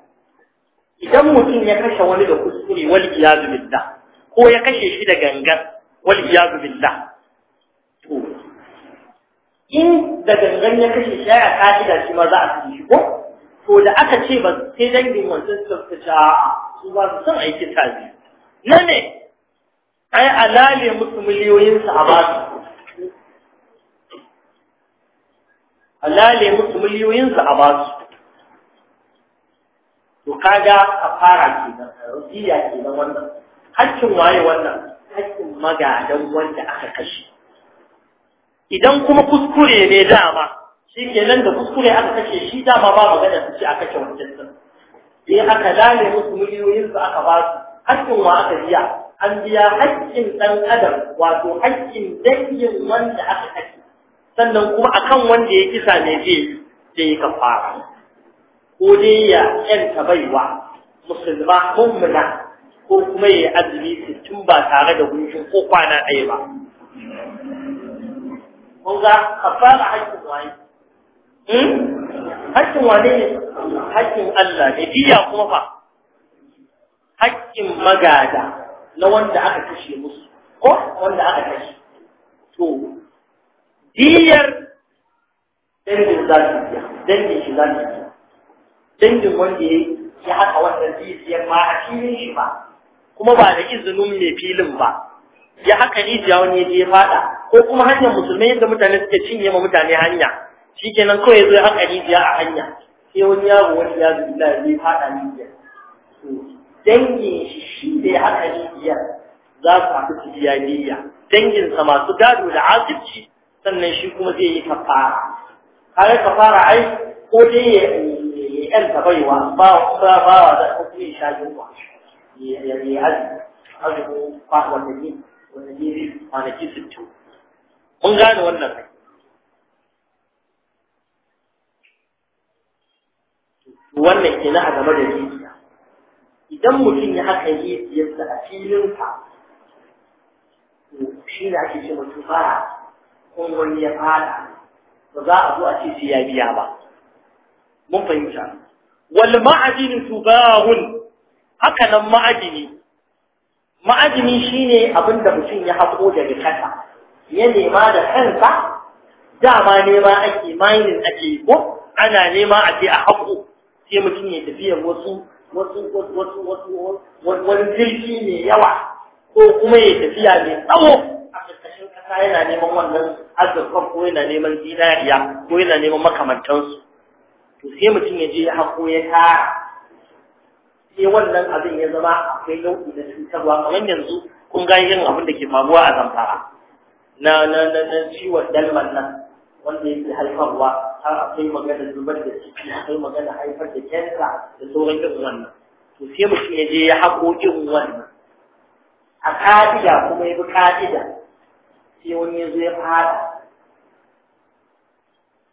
idan mutum ya kashe wani da kuskure wal iyadu billah ko ya kashe shi da gangan wal iyadu billah to in da gangan ya kashe shi ya ka'ida shi ma za a ci shi ko to da aka ce ba sai dangin wancan suka fita su ba su san aiki ta biyu na ne ai alale musu su a ba su alale musu su a ba su to kaga a fara ke nan rubiya ke nan wannan hakkin waye wannan hakkin magadan wanda aka kashe idan kuma kuskure ne dama shi nan da kuskure aka kashe shi dama ba magana su ce aka kashe wani sai aka dame musu miliyoyin su aka ba su hakkin wa aka biya an biya hakkin ɗan adam wato hakkin dangin wanda aka kashe sannan kuma akan wanda ya kisa ne zai sai ya fara ko dai ya ƴanta baiwa musulma mummuna ko kuma ya yi azumi tun ba tare da gunshin ko kwana ɗaya ba. Kun ga kafara hakkin waye. Hmm? hakkin wane ne hakkin Allah ne biya kuma fa hakkin magada na wanda aka kashe musu ko wanda aka kashe to diyar dangin za su biya dangin shi za su biya dangin wanda ya yi haka wannan diyar ma a filin shi ba kuma ba da izinin mai filin ba ya haka biya wani ya je fada ko kuma hanyar musulmai yadda mutane suke cinye ma mutane hanya shi kenan kawai zai haka rijiya a hanya sai wani yaro wani ya zubi da zai fada rijiya dangin shi shi da ya haka rijiya za su haɗu su biya niyya danginsa masu gado da asibci sannan shi kuma zai yi kafara kare kafara ai ko dai ya yi yan tabaiwa ba ba ba da kuma ya sha yunwa ya yi azumi azumi kwa watanni watanni kwanaki sittin mun gane wannan wannan kenan a game da rijiya idan mutum ya haka rijiyarsa a filinsa shi da ake ce mutum fara kun wani ya fara, ba za a zo a ce ya biya ba mun fahimta wal ma'adin tubahun haka nan ma'adini ma'adini shine abin da mutum ya haƙo daga kasa ya nema da kansa dama nema ake mining ake ko ana nema a ce a haƙo? sai mutum ya tafiya wasu wasu wasu wasu wasu wani jirgi mai yawa ko kuma ya tafiya mai tsawo a ƙarƙashin ƙasa yana neman wannan azurfan ko yana neman zinariya ko yana neman makamantansu to sai mutum ya je ya hako ya tara sai wannan abin ya zama akwai nau'i na cutarwa kamar yanzu kun ga yin abin da ke faruwa a zamfara na na na ciwon dalman nan wanda yake haifarwa har akwai magana zubar da ciki akwai magana haifar da kensa da sauran irin wannan to sai mutum ya je ya haƙo irin wannan a ƙa'ida kuma ya bi ƙa'ida sai wani ya zo ya fada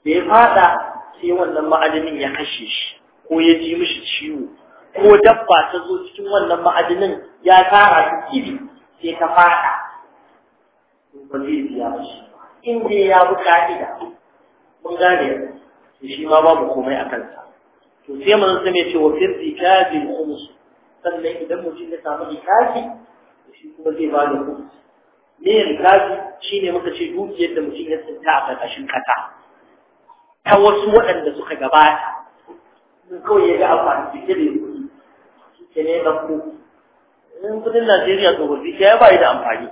da ya fada sai wannan ma'adanin ya kashe shi ko ya ji mishi ciwo ko dabba ta zo cikin wannan ma'adanin ya tara su kiri sai ta fada ba zai biya mishi in dai ya bi ƙa'ida kun gane shi ma babu komai a kansa to sai manzon sai ya ce wa firdi kadil khums sannan idan mutum ya samu ikafi shi kuma zai ba da khums me ikafi shine muka ce dukiyar da mutum ya tsinta a karkashin kasa ta wasu waɗanda suka gabata Mun kawai ya ga amfani da kire kuɗi shi ne ɗauko in kudin Najeriya shi ya ba da amfani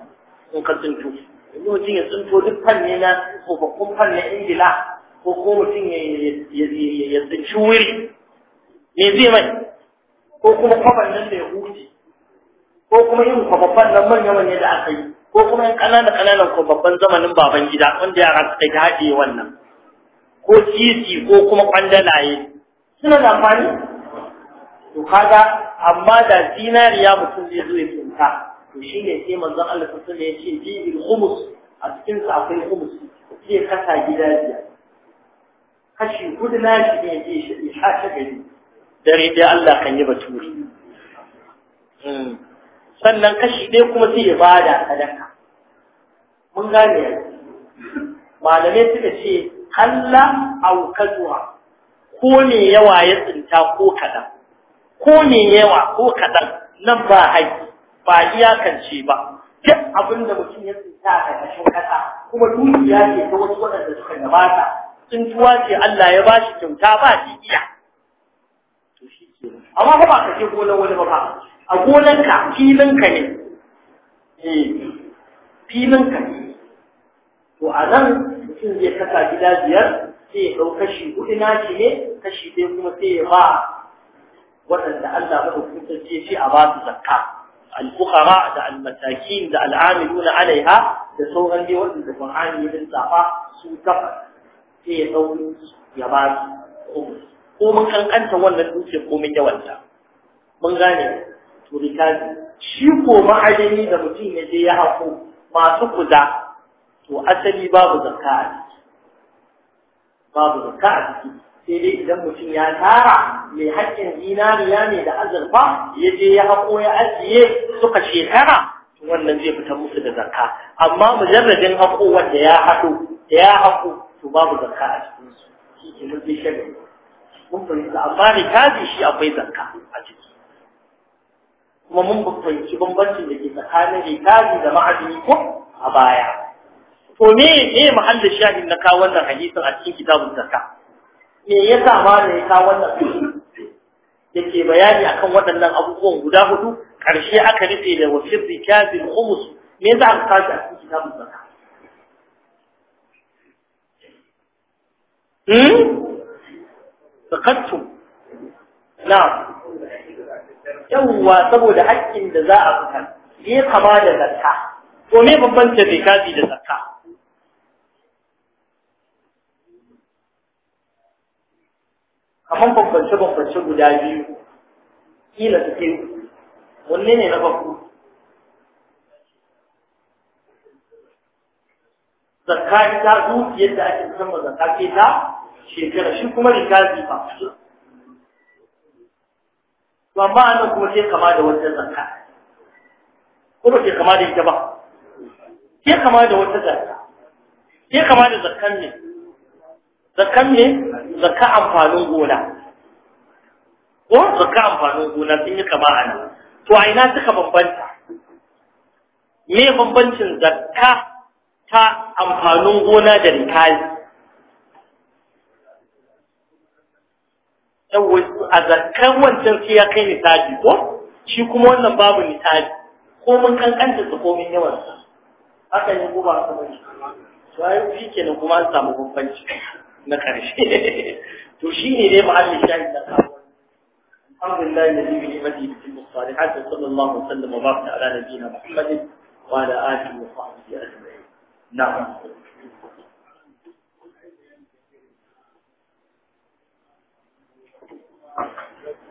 in ka tsinto in mutum ya tsinto duk fanni na tsofaffin fannin Ingila ko ko mutum ya tsinci wuri ne zai mai ko kuma kwaban nan da ya huce ko kuma yin kwababban nan manya-manya da aka yi ko kuma yin ƙananan-ƙananan kwababban zamanin baban gida wanda yara suka yi haɗe wannan ko titi ko kuma kwandalaye suna da amfani to kaga amma da zinariya mutum zai zo ya tsinta to shi ne sai manzon Allah Ta alaihi ya ce bi al-khums a cikin sa akwai khums sai kasa gida biyar kashi gudu na shi ne ji shi isha ta gari dare dai Allah kan yi baturi hmm. sannan kashi ɗaya kuma sai ya bada sadaka mun gane malamai suka ce kalla au kazuwa ko ne yawa ya tsinta ko kaɗan ko ne yawa ko kaɗan nan ba haƙƙi ba iyakance ba duk abin da mutum ya tsinta a ƙarƙashin ƙasa kuma dukiya ce ta wasu waɗanda suka gabata tsintuwa ce Allah ya ba shi kyauta ba shi iya. amma ba ka je gonar wani ba a gonarka filinka ne eh, filinka ne to a nan mutum zai kasa gida biyar sai ya ɗau kashi na shi ne kashi ɗaya kuma sai ya ba waɗanda Allah maɗaukakin sarki ya shi a ba su zakka الفقراء ده المساكين ده العاملون عليها ده سوغن دي وقت ده قرآن يبن سعفا su تفر sai ya ɗau ya ba su ko mun kankanta wannan dutse ko mun yawanta mun gane to rikazi shi ko ma'adani da mutum ya je ya hako masu kuza to asali babu zakka a ciki babu zakka a ciki sai dai idan mutum ya tara mai haƙƙin zinariya ne da azurfa ya je ya haƙo ya ajiye suka shekara wannan zai fitar musu da zakka amma mujarradin haƙo wanda ya haɗo ya haƙo to babu zarka a cikin su shi ke mun bi shagali mun fahimta amma ne kaji shi akwai zarka a ciki kuma mun fahimci bambancin da ke tsakanin rikazi da ma'adini ko a baya to me ne mahallin shahin na kawo wannan hadisin a cikin kitabun zarka me ya sa ma da ya kawo wannan yake bayani akan waɗannan abubuwan guda hudu ƙarshe aka rufe da wasir zikazin khumus me za a kawo a cikin kitabun zarka Hmm? sakattu na yawwa saboda haƙƙin da za a fitar ya kama da zakka ko me bambanta bai kafi da zakka kamar bambance-bambance guda biyu kila su ke wanne ne na farko zakka ta dukiyar yadda ake musamman zakka ke ta shekara shi kuma rikazi ba to amma annan kuma sai kama da wata zakka kuma ba sai kama da ita ba sai kama da wata zakka sai kama da zakkan ne zakkan ne zakka amfanin gona ko zakka amfanin gona sun yi kama a nan to a ina suka bambanta me bambancin zakka ta amfanin gona da rikazi a zakkan wancan sai ya kai nisabi ko shi kuma wannan babu nisabi ko mun kankanta su komin yawan sa haka ne kuma haka bane sai shi kenan kuma an samu bambanci na karshe to shi ne dai ma'allin shayin na kawo alhamdulillah alladhi bi ni'matihi tutimmu salihat sallallahu alaihi wa sallam wa baraka ala nabiyyina muhammadin wa ala alihi wa sahbihi ajma'in na'am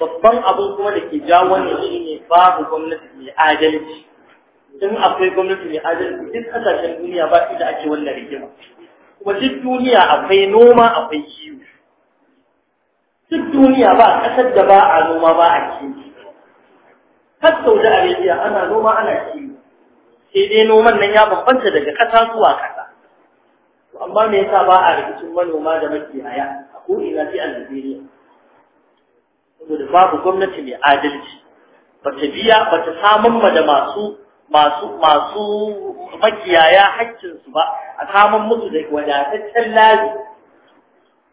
babban abin kuma da ke jawo wannan shi ne babu gwamnati mai adalci in akwai gwamnati mai adalci duk kasashen duniya ba inda ake wannan rigima kuma duk duniya akwai noma akwai kiwo duk duniya ba kasar da ba a noma ba a kiwo har da arabiya ana noma ana kiwo sai dai noman nan ya bambanta daga ƙasa zuwa kasa amma me yasa ba a rikicin manoma da makiyaya a ko'ina ina sai a Najeriya da babu gwamnati mai adalci ba ta biya ba ta samun ma da masu masu masu makiyaya haƙƙinsu ba a samun musu da wadataccen lazi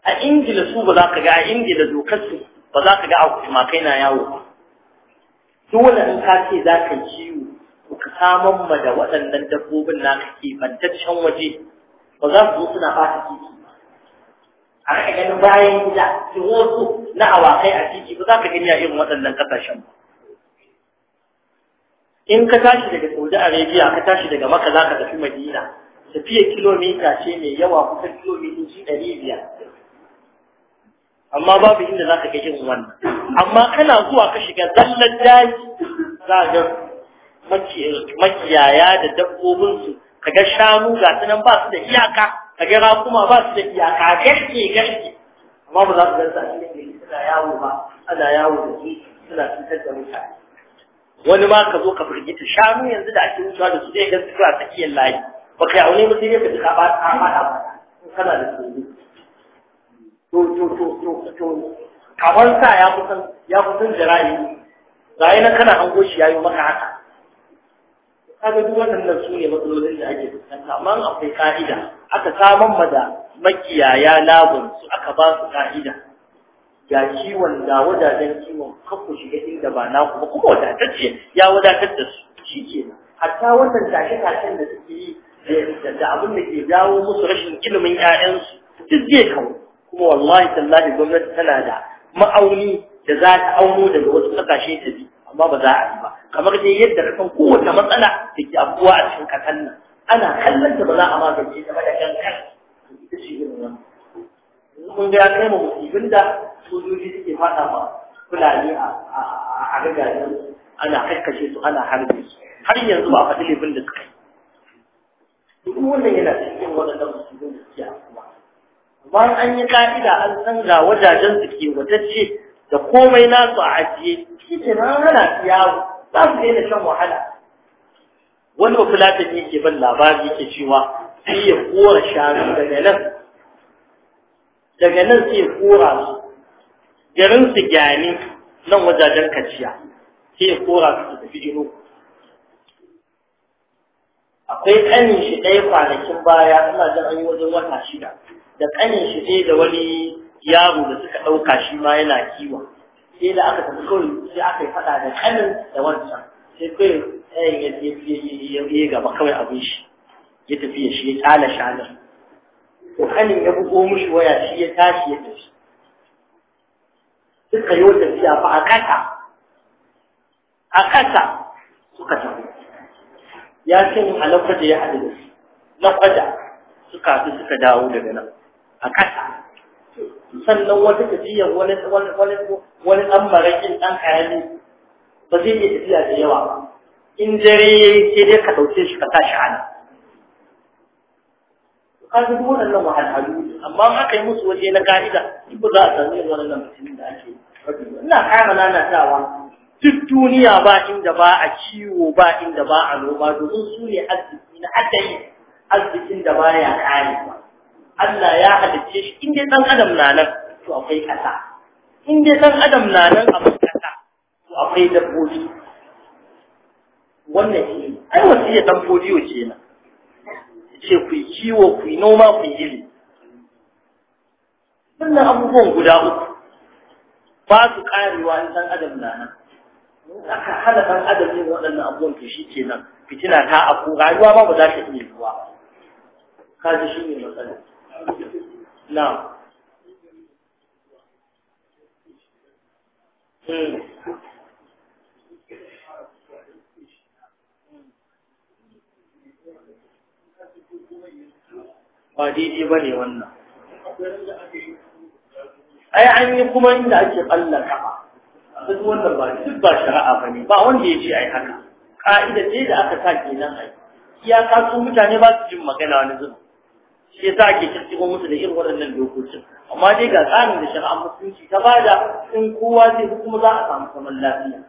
a ingila su ba za ka ga a ingila dokar su ba za ka ga a makai na yawo ba dole in ka ce za ka ciwo ka samun ma da waɗannan dabbobin na kake bantaccen waje ba za su zo suna ɓata titi a raka ganin bayan gida kiwoto na awakai a titi ba za ka gani a irin waɗannan ƙasashen ba in ka tashi daga saudi arabia ka tashi daga maka za ka tafi madina tafiya kilomita ce mai yawa kusan ji ɗari biyar amma babu inda za ka ga irin wannan amma kana zuwa ka shiga zallan daji za ga makiyaya da dabbobinsu ka ga shanu ga su nan ba su da iyaka kaga kuma ba su da iyaka garke garke amma ba za su gansa a cikin da suna yawo ba ana yawo da su suna cutar da mutane wani ma ka zo ka firgita shanu yanzu da ake mutuwa da su zai gansu a tsakiyar layi ba ka yawo ne mutu ne ka ji ka ba ta ba ta kana da su to to to to to kamar sa ya kusan ya kusan jira'i yi nan kana hango shi yayi maka haka kaga duk wannan su ne matsalolin da ake fuskanta amma akwai ka'ida aka saman mada makiyaya labun su aka ba su ka'ida ga ciwon da wadatar kiwon kakku shiga inda ba na ba kuma wadatacce ya wadatar da su shi kenan hatta wannan tashe-tashen da suke yi da abin da ke jawo musu rashin ilimin 'ya'yansu duk zai kawo kuma wallahi tallahi gwamnati tana da ma'auni da za ta auno daga wasu kasashe ta bi amma ba za a yi ba kamar dai yadda kasan kowace matsala da ke abuwa a cikin kasan nan ana kallon ta ba za a magance ta ba da kankan ita ce irin nan kun ga ya kai mu musibin da sojoji suke fada ma fulani a rigayen ana hakkashe su ana harbe su har yanzu ba faɗi laifin da suka yi duk wannan yana cikin waɗannan musibin da suke afuwa bayan an yi ka'ida an san ga wajajen su ke watacce da komai nasu a ajiye shi ke nan hana su yawo za su daina shan wahala wani ba fulatan yake ban labari yake cewa sai ya kora shanu daga nan daga nan sai ya kora su garin su gyani nan wajajen kaciya sai ya kora su su tafi ino akwai ƙanin shi ɗaya kwanakin baya ina jin an yi wajen wata shida da ƙanin shi ɗaya da wani yaro da suka ɗauka shi ma yana kiwa sai da aka tafi kawai sai aka yi faɗa da kanin da wancan sai kawai ɗayan ya yi gaba kawai abin shi ya tafi ya shi ya ƙala shanar to kanin ya bugo mushi waya shi ya tashi ya tafi suka yi wata tafiya ba a ƙasa a ƙasa suka tafi ya san a da ya haɗu da su lafaja suka fi suka dawo daga nan a ƙasa sannan wata tafiyar wani wani wani wani ɗan maraƙin ɗan ƙarami ba zai iya tafiya da yawa ba in dare yi sai dai ka dauke shi ka sa shi ana kaga duk wannan wahalhalu amma in aka yi musu waje na ka'ida duk ba za a samu irin wannan mutumin da ake ina kama lalatawa duk duniya ba inda ba a ciwo ba inda ba a noma domin su ne arziki na yi arzikin da ba ya kare ba Allah ya halicce shi in dai ɗan adam na nan to akwai ƙasa. in dai ɗan adam na nan akwai ƙasa to akwai dabbobi wannan shi ai wasiyar dan fodiyo kenan ce ku yi kiwo ku yi noma ku yi ilimi wannan abubuwan guda uku ba su karewa in dan adam na nan aka hana dan adam yin waɗannan abubuwan to shi kenan fitina ta aku rayuwa ba ba za ta iya zuwa ka ji shi ne matsala na ba daidai ba ne wannan ai an yi kuma inda ake tsallaka duk wannan ba duk ba shari'a ba ne ba wanda ya ce ai haka ka'ida ce da aka sa ke kenan ai Ya kasu mutane ba su jin magana wani zuba shi yasa ake kirkiro musu da irin waɗannan dokokin amma dai ga tsarin da shari'a mutunci ta bada in kowa zai hukuma za a samu zaman lafiya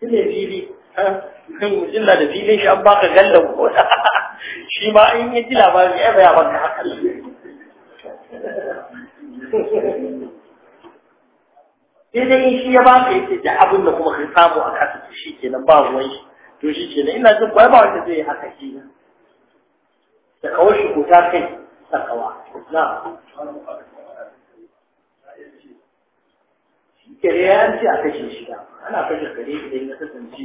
shi ne fili illa da filin shi an baka gallan gona shi ma in yi ji labari ya baya baka haka sai dai shi ya baka yake da abin da kuma ka samu a kasa shi kenan ba ruwan shi to shi kenan ina jin ba ba wanda zai haka shi na, da kawai shi ko ta kai sakawa na kare ya ce a kashe shi ana kashe kare idan ya kasance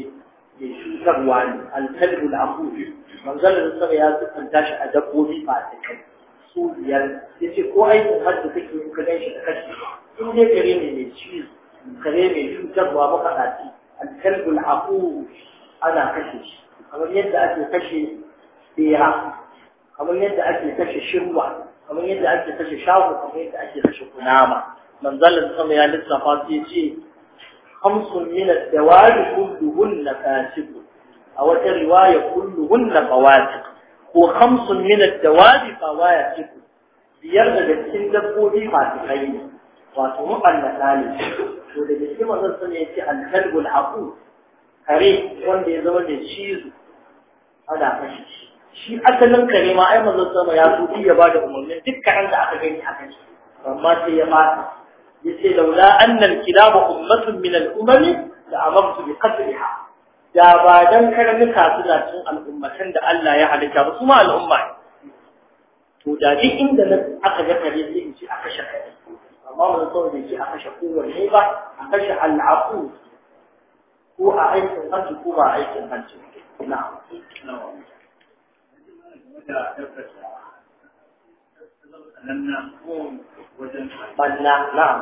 mai cutarwa ne alkalbu da abubuwa manzalar sama ya siffanta shi a dabbobi ba da kai su biyar ya ce ko aikin hajji kake yi ka shi da kashe in dai kare ne mai ciwo kare mai cutarwa mafaɗaci alkalbu da abubuwa ana kashe shi kamar yadda ake kashe bera kamar yadda ake kashe shirwa kamar yadda ake kashe shago kamar yadda ake kashe kunama Manzalin sama ya lissafa sai ce hamsun da ad-dawali kulluhunna fasiku a wata riwaya kulluhunna fawaci ko hamsun da ad-dawali fawatiq biyar da cikin dabbobi masu kai wato mu'allata ne to da cikin mazan sama yace al-kalbu al kare wanda ya zama da cizo ana kashi shi asalin kare ma ai mazan sama ya tuki ya bada umarnin dukkan da aka gani aka ci amma sai ya mata yace laula anna al-kilabu ummatun min al-umami la amartu bi qatliha da ba dan karnuka suna cin al'ummatan da Allah ya halitta ba kuma ma al'umma ne to da duk inda na aka ga kare sai in ce aka shaka amma mun so ne ce aka shaku wanne ba aka sha al'aqu ko a aikin hanci ko ba aikin hanci na'am na'am da tabbata nan na banna na'am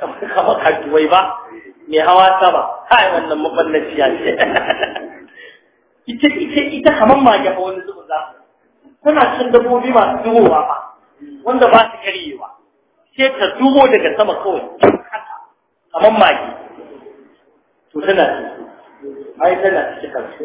kamar kajuwai ba mai hawa sama kai wannan maballaciya ce ita ita ita kaman mage a wani zuba za tana cin dabbobi masu duhowa ba wanda ba su karyewa ce ta duho daga sama kawai kamar mage to tana ai tana cikin kansu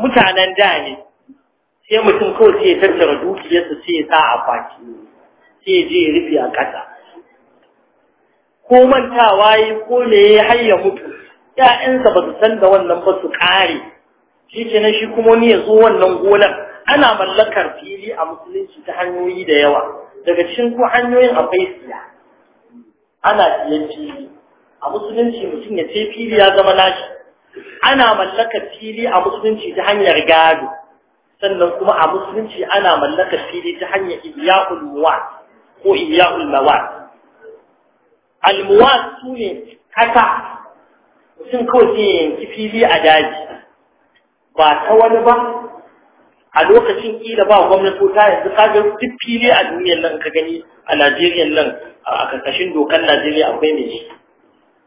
mutanen da ne sai mutum kawai sai ya tattara dukiyarsa sai ya sa a faki sai je ya rufe a ƙasa ko mantawa yi ko me ya hayya mutu Ya'yansa ba su san da wannan ba su kare. shi na shi kuma ni ya zo wannan gonar ana mallakar fili a musulunci ta hanyoyi da yawa daga cikin ko hanyoyin akwai siya ana siyan fili a musulunci mutum ya ce fili ya zama nashi ana mallakar fili a musulunci ta hanyar gado sannan kuma a musulunci ana mallakar fili ta hanyar iyakul muwat ko iyakul mawat almuwat su ne kaka mutum kawai sai yanki fili a daji ba ta wani ba a lokacin kila ba gwamnati ta yanzu ga duk fili a duniyar nan ka gani a Najeriya nan a karkashin dokar Najeriya akwai mai shi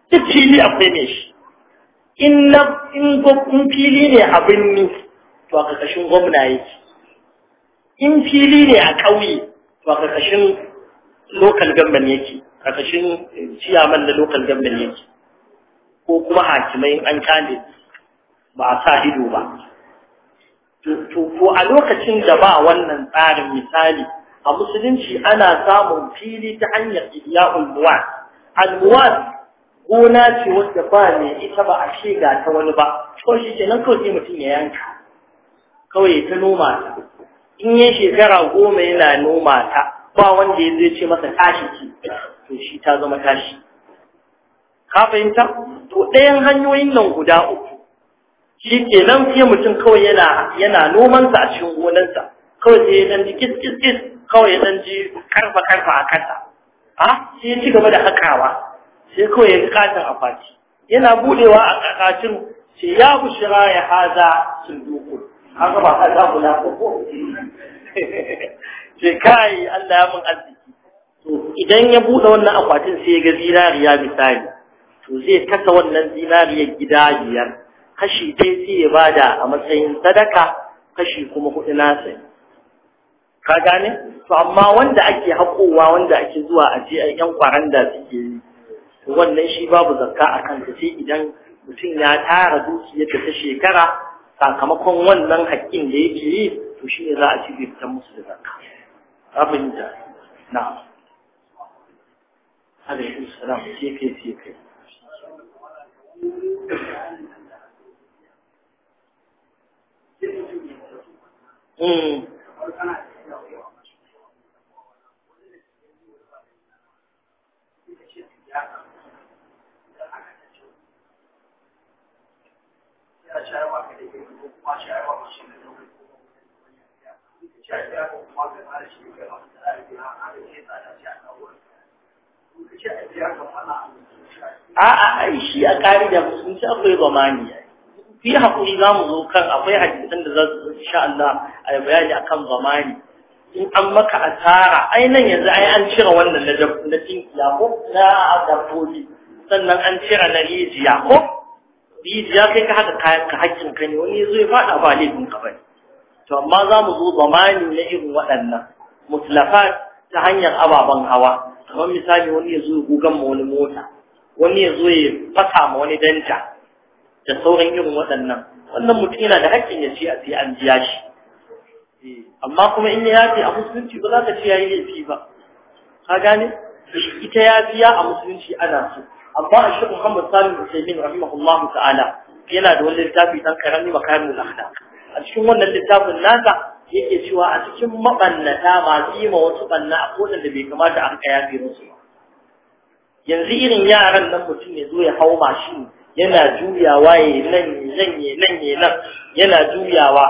duk fili akwai mai shi in fili ne a birni to a ƙarƙashin gwamna yake in fili ne a ƙauye to a ƙarƙashin local government yake ƙarƙashin eh, ciyaman da local government yake ko kuma hakimai an kyale ba a sa ido ba to a lokacin da ba wannan tsarin misali a musulunci ana samun fili ta hanyar ihya'ul muwat al muwat gona ce wadda ba mai ita ba a ce ga ta wani ba ko shi ke nan kawai sai mutum ya yanka kawai ta noma ta in yi shekara goma yana noma ta ba wanda ya zai ce masa tashi ce to shi ta zama tashi ka fahimta to ɗayan hanyoyin nan guda uku shi ke nan fiye mutum kawai yana yana nomansa a cikin gonansa kawai sai ya dan ji kis kis kis kawai ya dan ji karfa karfa a kansa a ah, sai ya ci gaba da hakawa sai kawai ya katin akwati yana budewa a kakacin ce ya bushira ya haza duku haka ba haza kula ko ce kai Allah ya mun arziki to idan ya bude wannan akwatin sai ya ga zinariya misali to zai kasa wannan zinariyar gida biyar kashi ɗaya sai ya bada a matsayin sadaka kashi kuma hudu nasa ka gane to amma wanda ake haƙowa wanda ake zuwa a je yan kwaranda suke yi wannan shi babu zakka a kanta sai idan mutum ya tara dukiyar da ta shekara sakamakon wannan haƙƙin da yake yi to shi ne za a ci bai fitan musu da zakka abin da na alaikum salam hmm. a'a a shi da ƙa'ida musulunci akwai zamani fi haƙuri za mu zo kan akwai hadisan da za su zo insha Allah a yi bayani akan zamani in an maka asara ai nan yanzu ai an cire wannan na tinkiya ko na dabbobi sannan an cire na rijiya ko ya kai ka haka kayan ka hakkin ka ne wani zai ya fada ba laifin ka bane to amma za mu zo zamani na irin waɗannan mutlafat ta hanyar ababen hawa kamar misali wani ya zo ya gugan ma wani mota wani ya zo ya fasa ma wani danta da sauran irin waɗannan wannan mutum yana da hakkin ya ce a sai an biya shi eh, amma kuma in ya ce a musulunci ba za ka ce ya yi laifi ba ka gane ita ya biya a musulunci ana so amma a shi Muhammad Salim Usaimin rahimahullah ta'ala yana da wani littafi dan karami makarimul akhlaq a cikin wannan littafin nasa yake cewa a cikin mabannata masu yi ma wasu banna a da bai kamata a kaya yafe musu ba yanzu irin yaran nan mutum ya zo ya hau mashin yana juyawa ya nan nan ya nan ya nan yana juyawa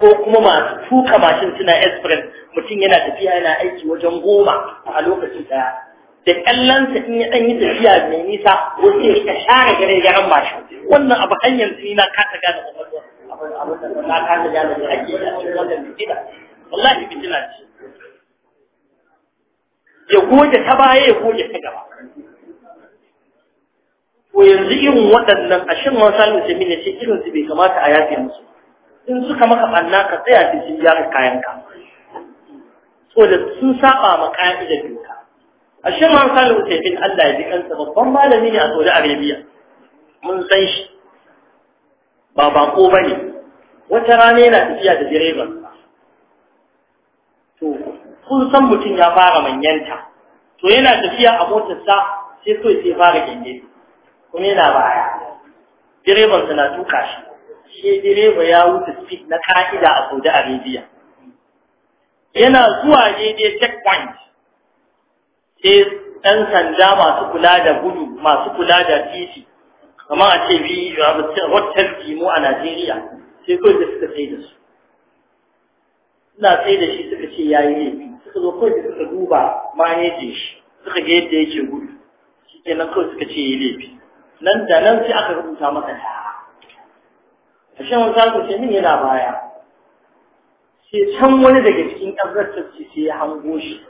ko kuma masu tuka mashin suna express mutum yana tafiya yana aiki wajen goma a lokacin daya da kallonsa in ya ɗan yi tafiya mai nisa wasu ya share gare garan mashi wannan abu hanyar yanzu na kasa gane kwakwalwa na kasa gane da ake yi a cikin wannan fitina wallahi fitina ce ya goge ta baya ya goge ta gaba ko yanzu irin waɗannan a shin wani samun jami ne ce irin su bai kamata a yafe musu in suka maka ɓanna ka tsaya da shi gyara kayanka so da sun saba ma kayan ka'idar doka a shi man salu taifin Allah ya ji kansa babban malami ne a Saudi Arabia mun san shi ba bako ba ne wata rana yana tafiya da direban to kun san mutum ya fara manyanta to yana tafiya a motar sa sai so sai fara gende kuma yana baya direban na tuka shi shi direba ya wuce speed na ka'ida a Saudi Arabia yana zuwa daidai checkpoint sai ɗan sanda masu kula da gudu masu kula da titi kamar a ce bi hotel kimo a Najeriya sai kawai da suka sai da su suna sai da shi suka ce ya yi laifi suka zo kawai da suka duba manejin shi suka ga yadda yake gudu shi ke nan kawai suka ce ya yi laifi nan da nan sai aka rubuta masa tara a shan wani ku ce min yana baya sai can wani daga cikin ƙasar ce sai ya hango shi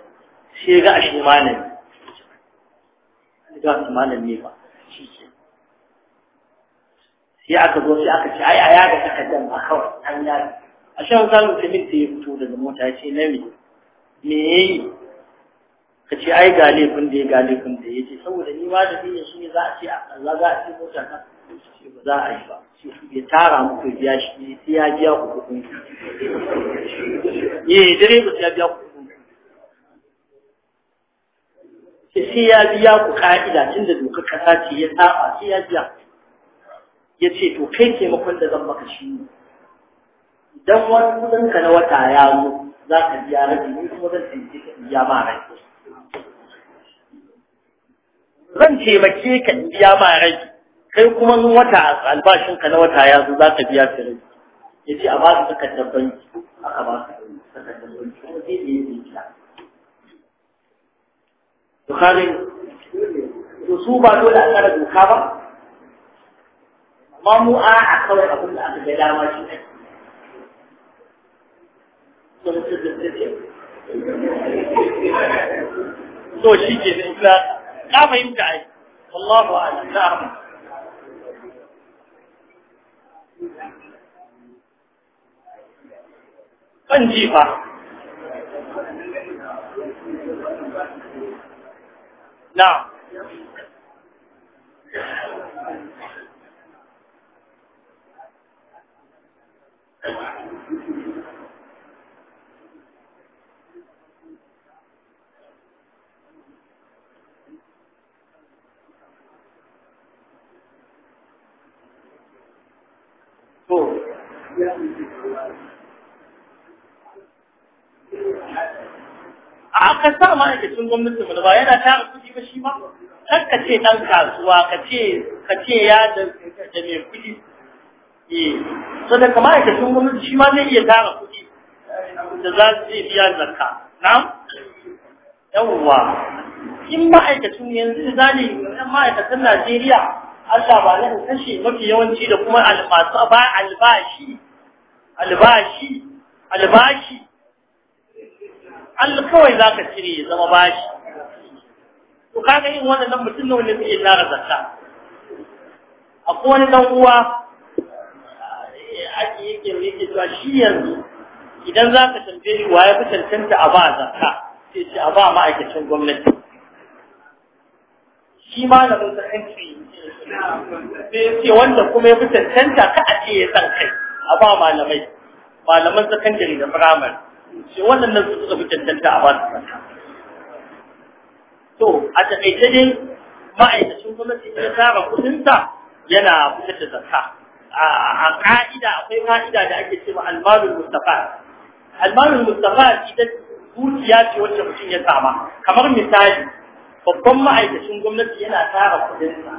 sai ga ashe malami ga su malami ba shi ke sai aka zo sai aka ce ai a yaga takardar ba kawai an yaga a shan samun tamin da ya fito daga mota ce na me me yayi ka ce ai ga laifin da ya ga laifin da ya ce saboda ni ma da ne shi ne za a ce a za a ce mota ta ce ba za a yi ba ya tara muku biya shi sai ya biya ku kuɗin eh dare ba sai ya biya ku ce sai ya biya ku ka'ida tunda dokar kasa ce ya saba sai ya biya ya ce to kai taimakon da zan maka shi ne idan wani kudin ka na wata ya zo za ka biya rabi ni kuma zan taimake ka biya ma rai zan taimake ka biya ma rai kai kuma wata albashin ka na wata ya zo za ka biya ta rai ya ce a ba su takardar banki aka ba su takardar banki kuma zai iya ya biya bukharin to su ba dole a tsara doka ba amma mu a a kawai abin da aka gada ma shi ne so shi ke da ita ka fahimta ai wallahu a'lam na'am kan jifa نعم Four. a aka sa ma'aikacin gwamnatin mu ba yana tara kuɗi ba shi ba kar ka ce ɗan kasuwa ka ce ka ce ya da da mai kuɗi eh so da kamar ma'aikacin gwamnati shi ma zai iya tara kuɗi da za su zai biya zakka na yawwa in ma'aikacin yanzu misali ɗan ma'aikatan Najeriya Allah ba na kashe mafi yawanci da kuma albasu ba albashi albashi albashi Allah kawai za ka cire ya zama bashi to kaga yin waɗannan mutum ne wanda suke tsara zakka akwai wani dan uwa eh, ake yake yake cewa shi yanzu idan za ka tambaye wa waye fi cancanta a ba zakka sai ce a ba ma'aikacin gwamnati shi ma da mun san sai ce wanda kuma ya fi cancanta ka a ce ya san kai a ba malamai malaman sakandare da firamare shi wannan nan su suka fi tantanta a basu zakka to a taƙaice dai ma'aikacin gwamnati ya tara kuɗinsa yana fitar da zakka a ka'ida akwai ka'ida da ake cewa almalul mustafa almalul mustafa ita ya ce wacce mutum ya sama kamar misali babban ma'aikacin gwamnati yana tara kuɗinsa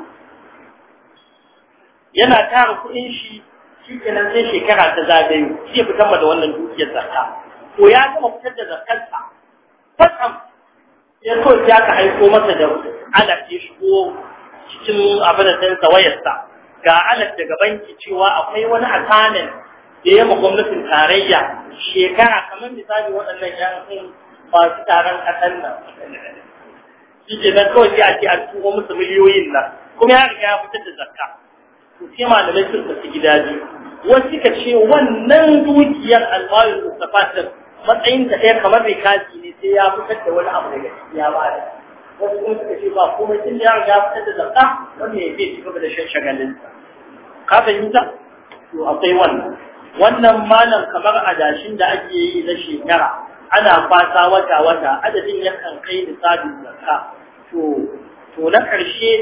yana tara kuɗin shi shi kenan sai shekara ta zagayo shi ya fitar da wannan dukiyar zakka Koya ya gama fitar da zakarsa fatsam ya so ya ka haiko masa da alat ya shigo cikin abin da wayarsa ga alat daga banki cewa akwai wani akanin da ya ma gwamnatin tarayya shekara kamar misali waɗannan yan masu taron ƙasar nan shi ke kawai sai a ce tuho musu miliyoyin nan kuma ya riga ya fitar da zakka to sai malamai sun tafi gida biyu wasu ka ce wannan dukiyar almarin mustafa matsayin da ɗaya kamar mai kaji ne sai ya fitar da wani abu daga ciki ya bada wasu kuma suka ce ba komai tun da ya fitar da zakka wanda ya fi gaba da shan shagalin ka fahimta to akwai wannan wannan malam kamar adashin da ake yi na shekara ana fata wata wata adadin ya kan kai nisabin zakka to to na ƙarshe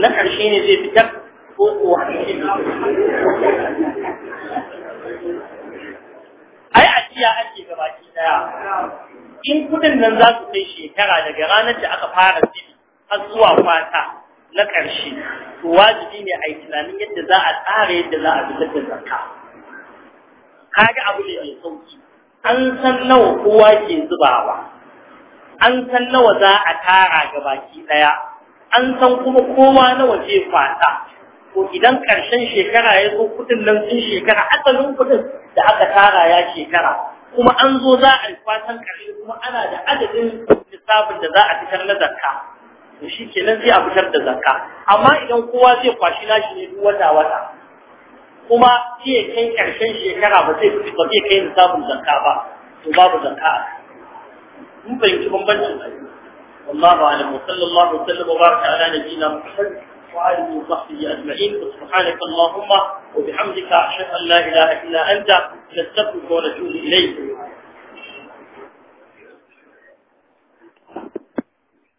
na ƙarshe ne zai fitar ko ko ai a ciya ake ki daya in kudin nan za su kai shekara daga ranar da aka fara zibi har zuwa kwata na ƙarshe to wajibi ne a yi tunanin yadda za a tsara yadda za a fitar da zakka kaga abu ne mai sauki an san nawa kowa ke zubawa an san nawa za a tara ga baki daya an san kuma kowa nawa zai fata ko idan ƙarshen shekara ya zo kuɗin nan sun shekara asalin kuɗin da aka tara ya shekara kuma an zo za a fatan ƙarshe kuma ana da adadin lissafin da za a fitar na zakka to shi kenan sai a fitar da zakka amma idan kowa zai kwashi nashi ne duk wata wata kuma sai kai ƙarshen shekara ba zai ba zai kai lissafin zakka ba to babu zakka mun fahimci bambancin ayyuka والله اعلم وصلى الله wa وبارك على نبينا محمد وآله وصحبه أجمعين سبحانك اللهم وبحمدك أشهد أن لا إله إلا أنت نستغفرك ونتوب إليك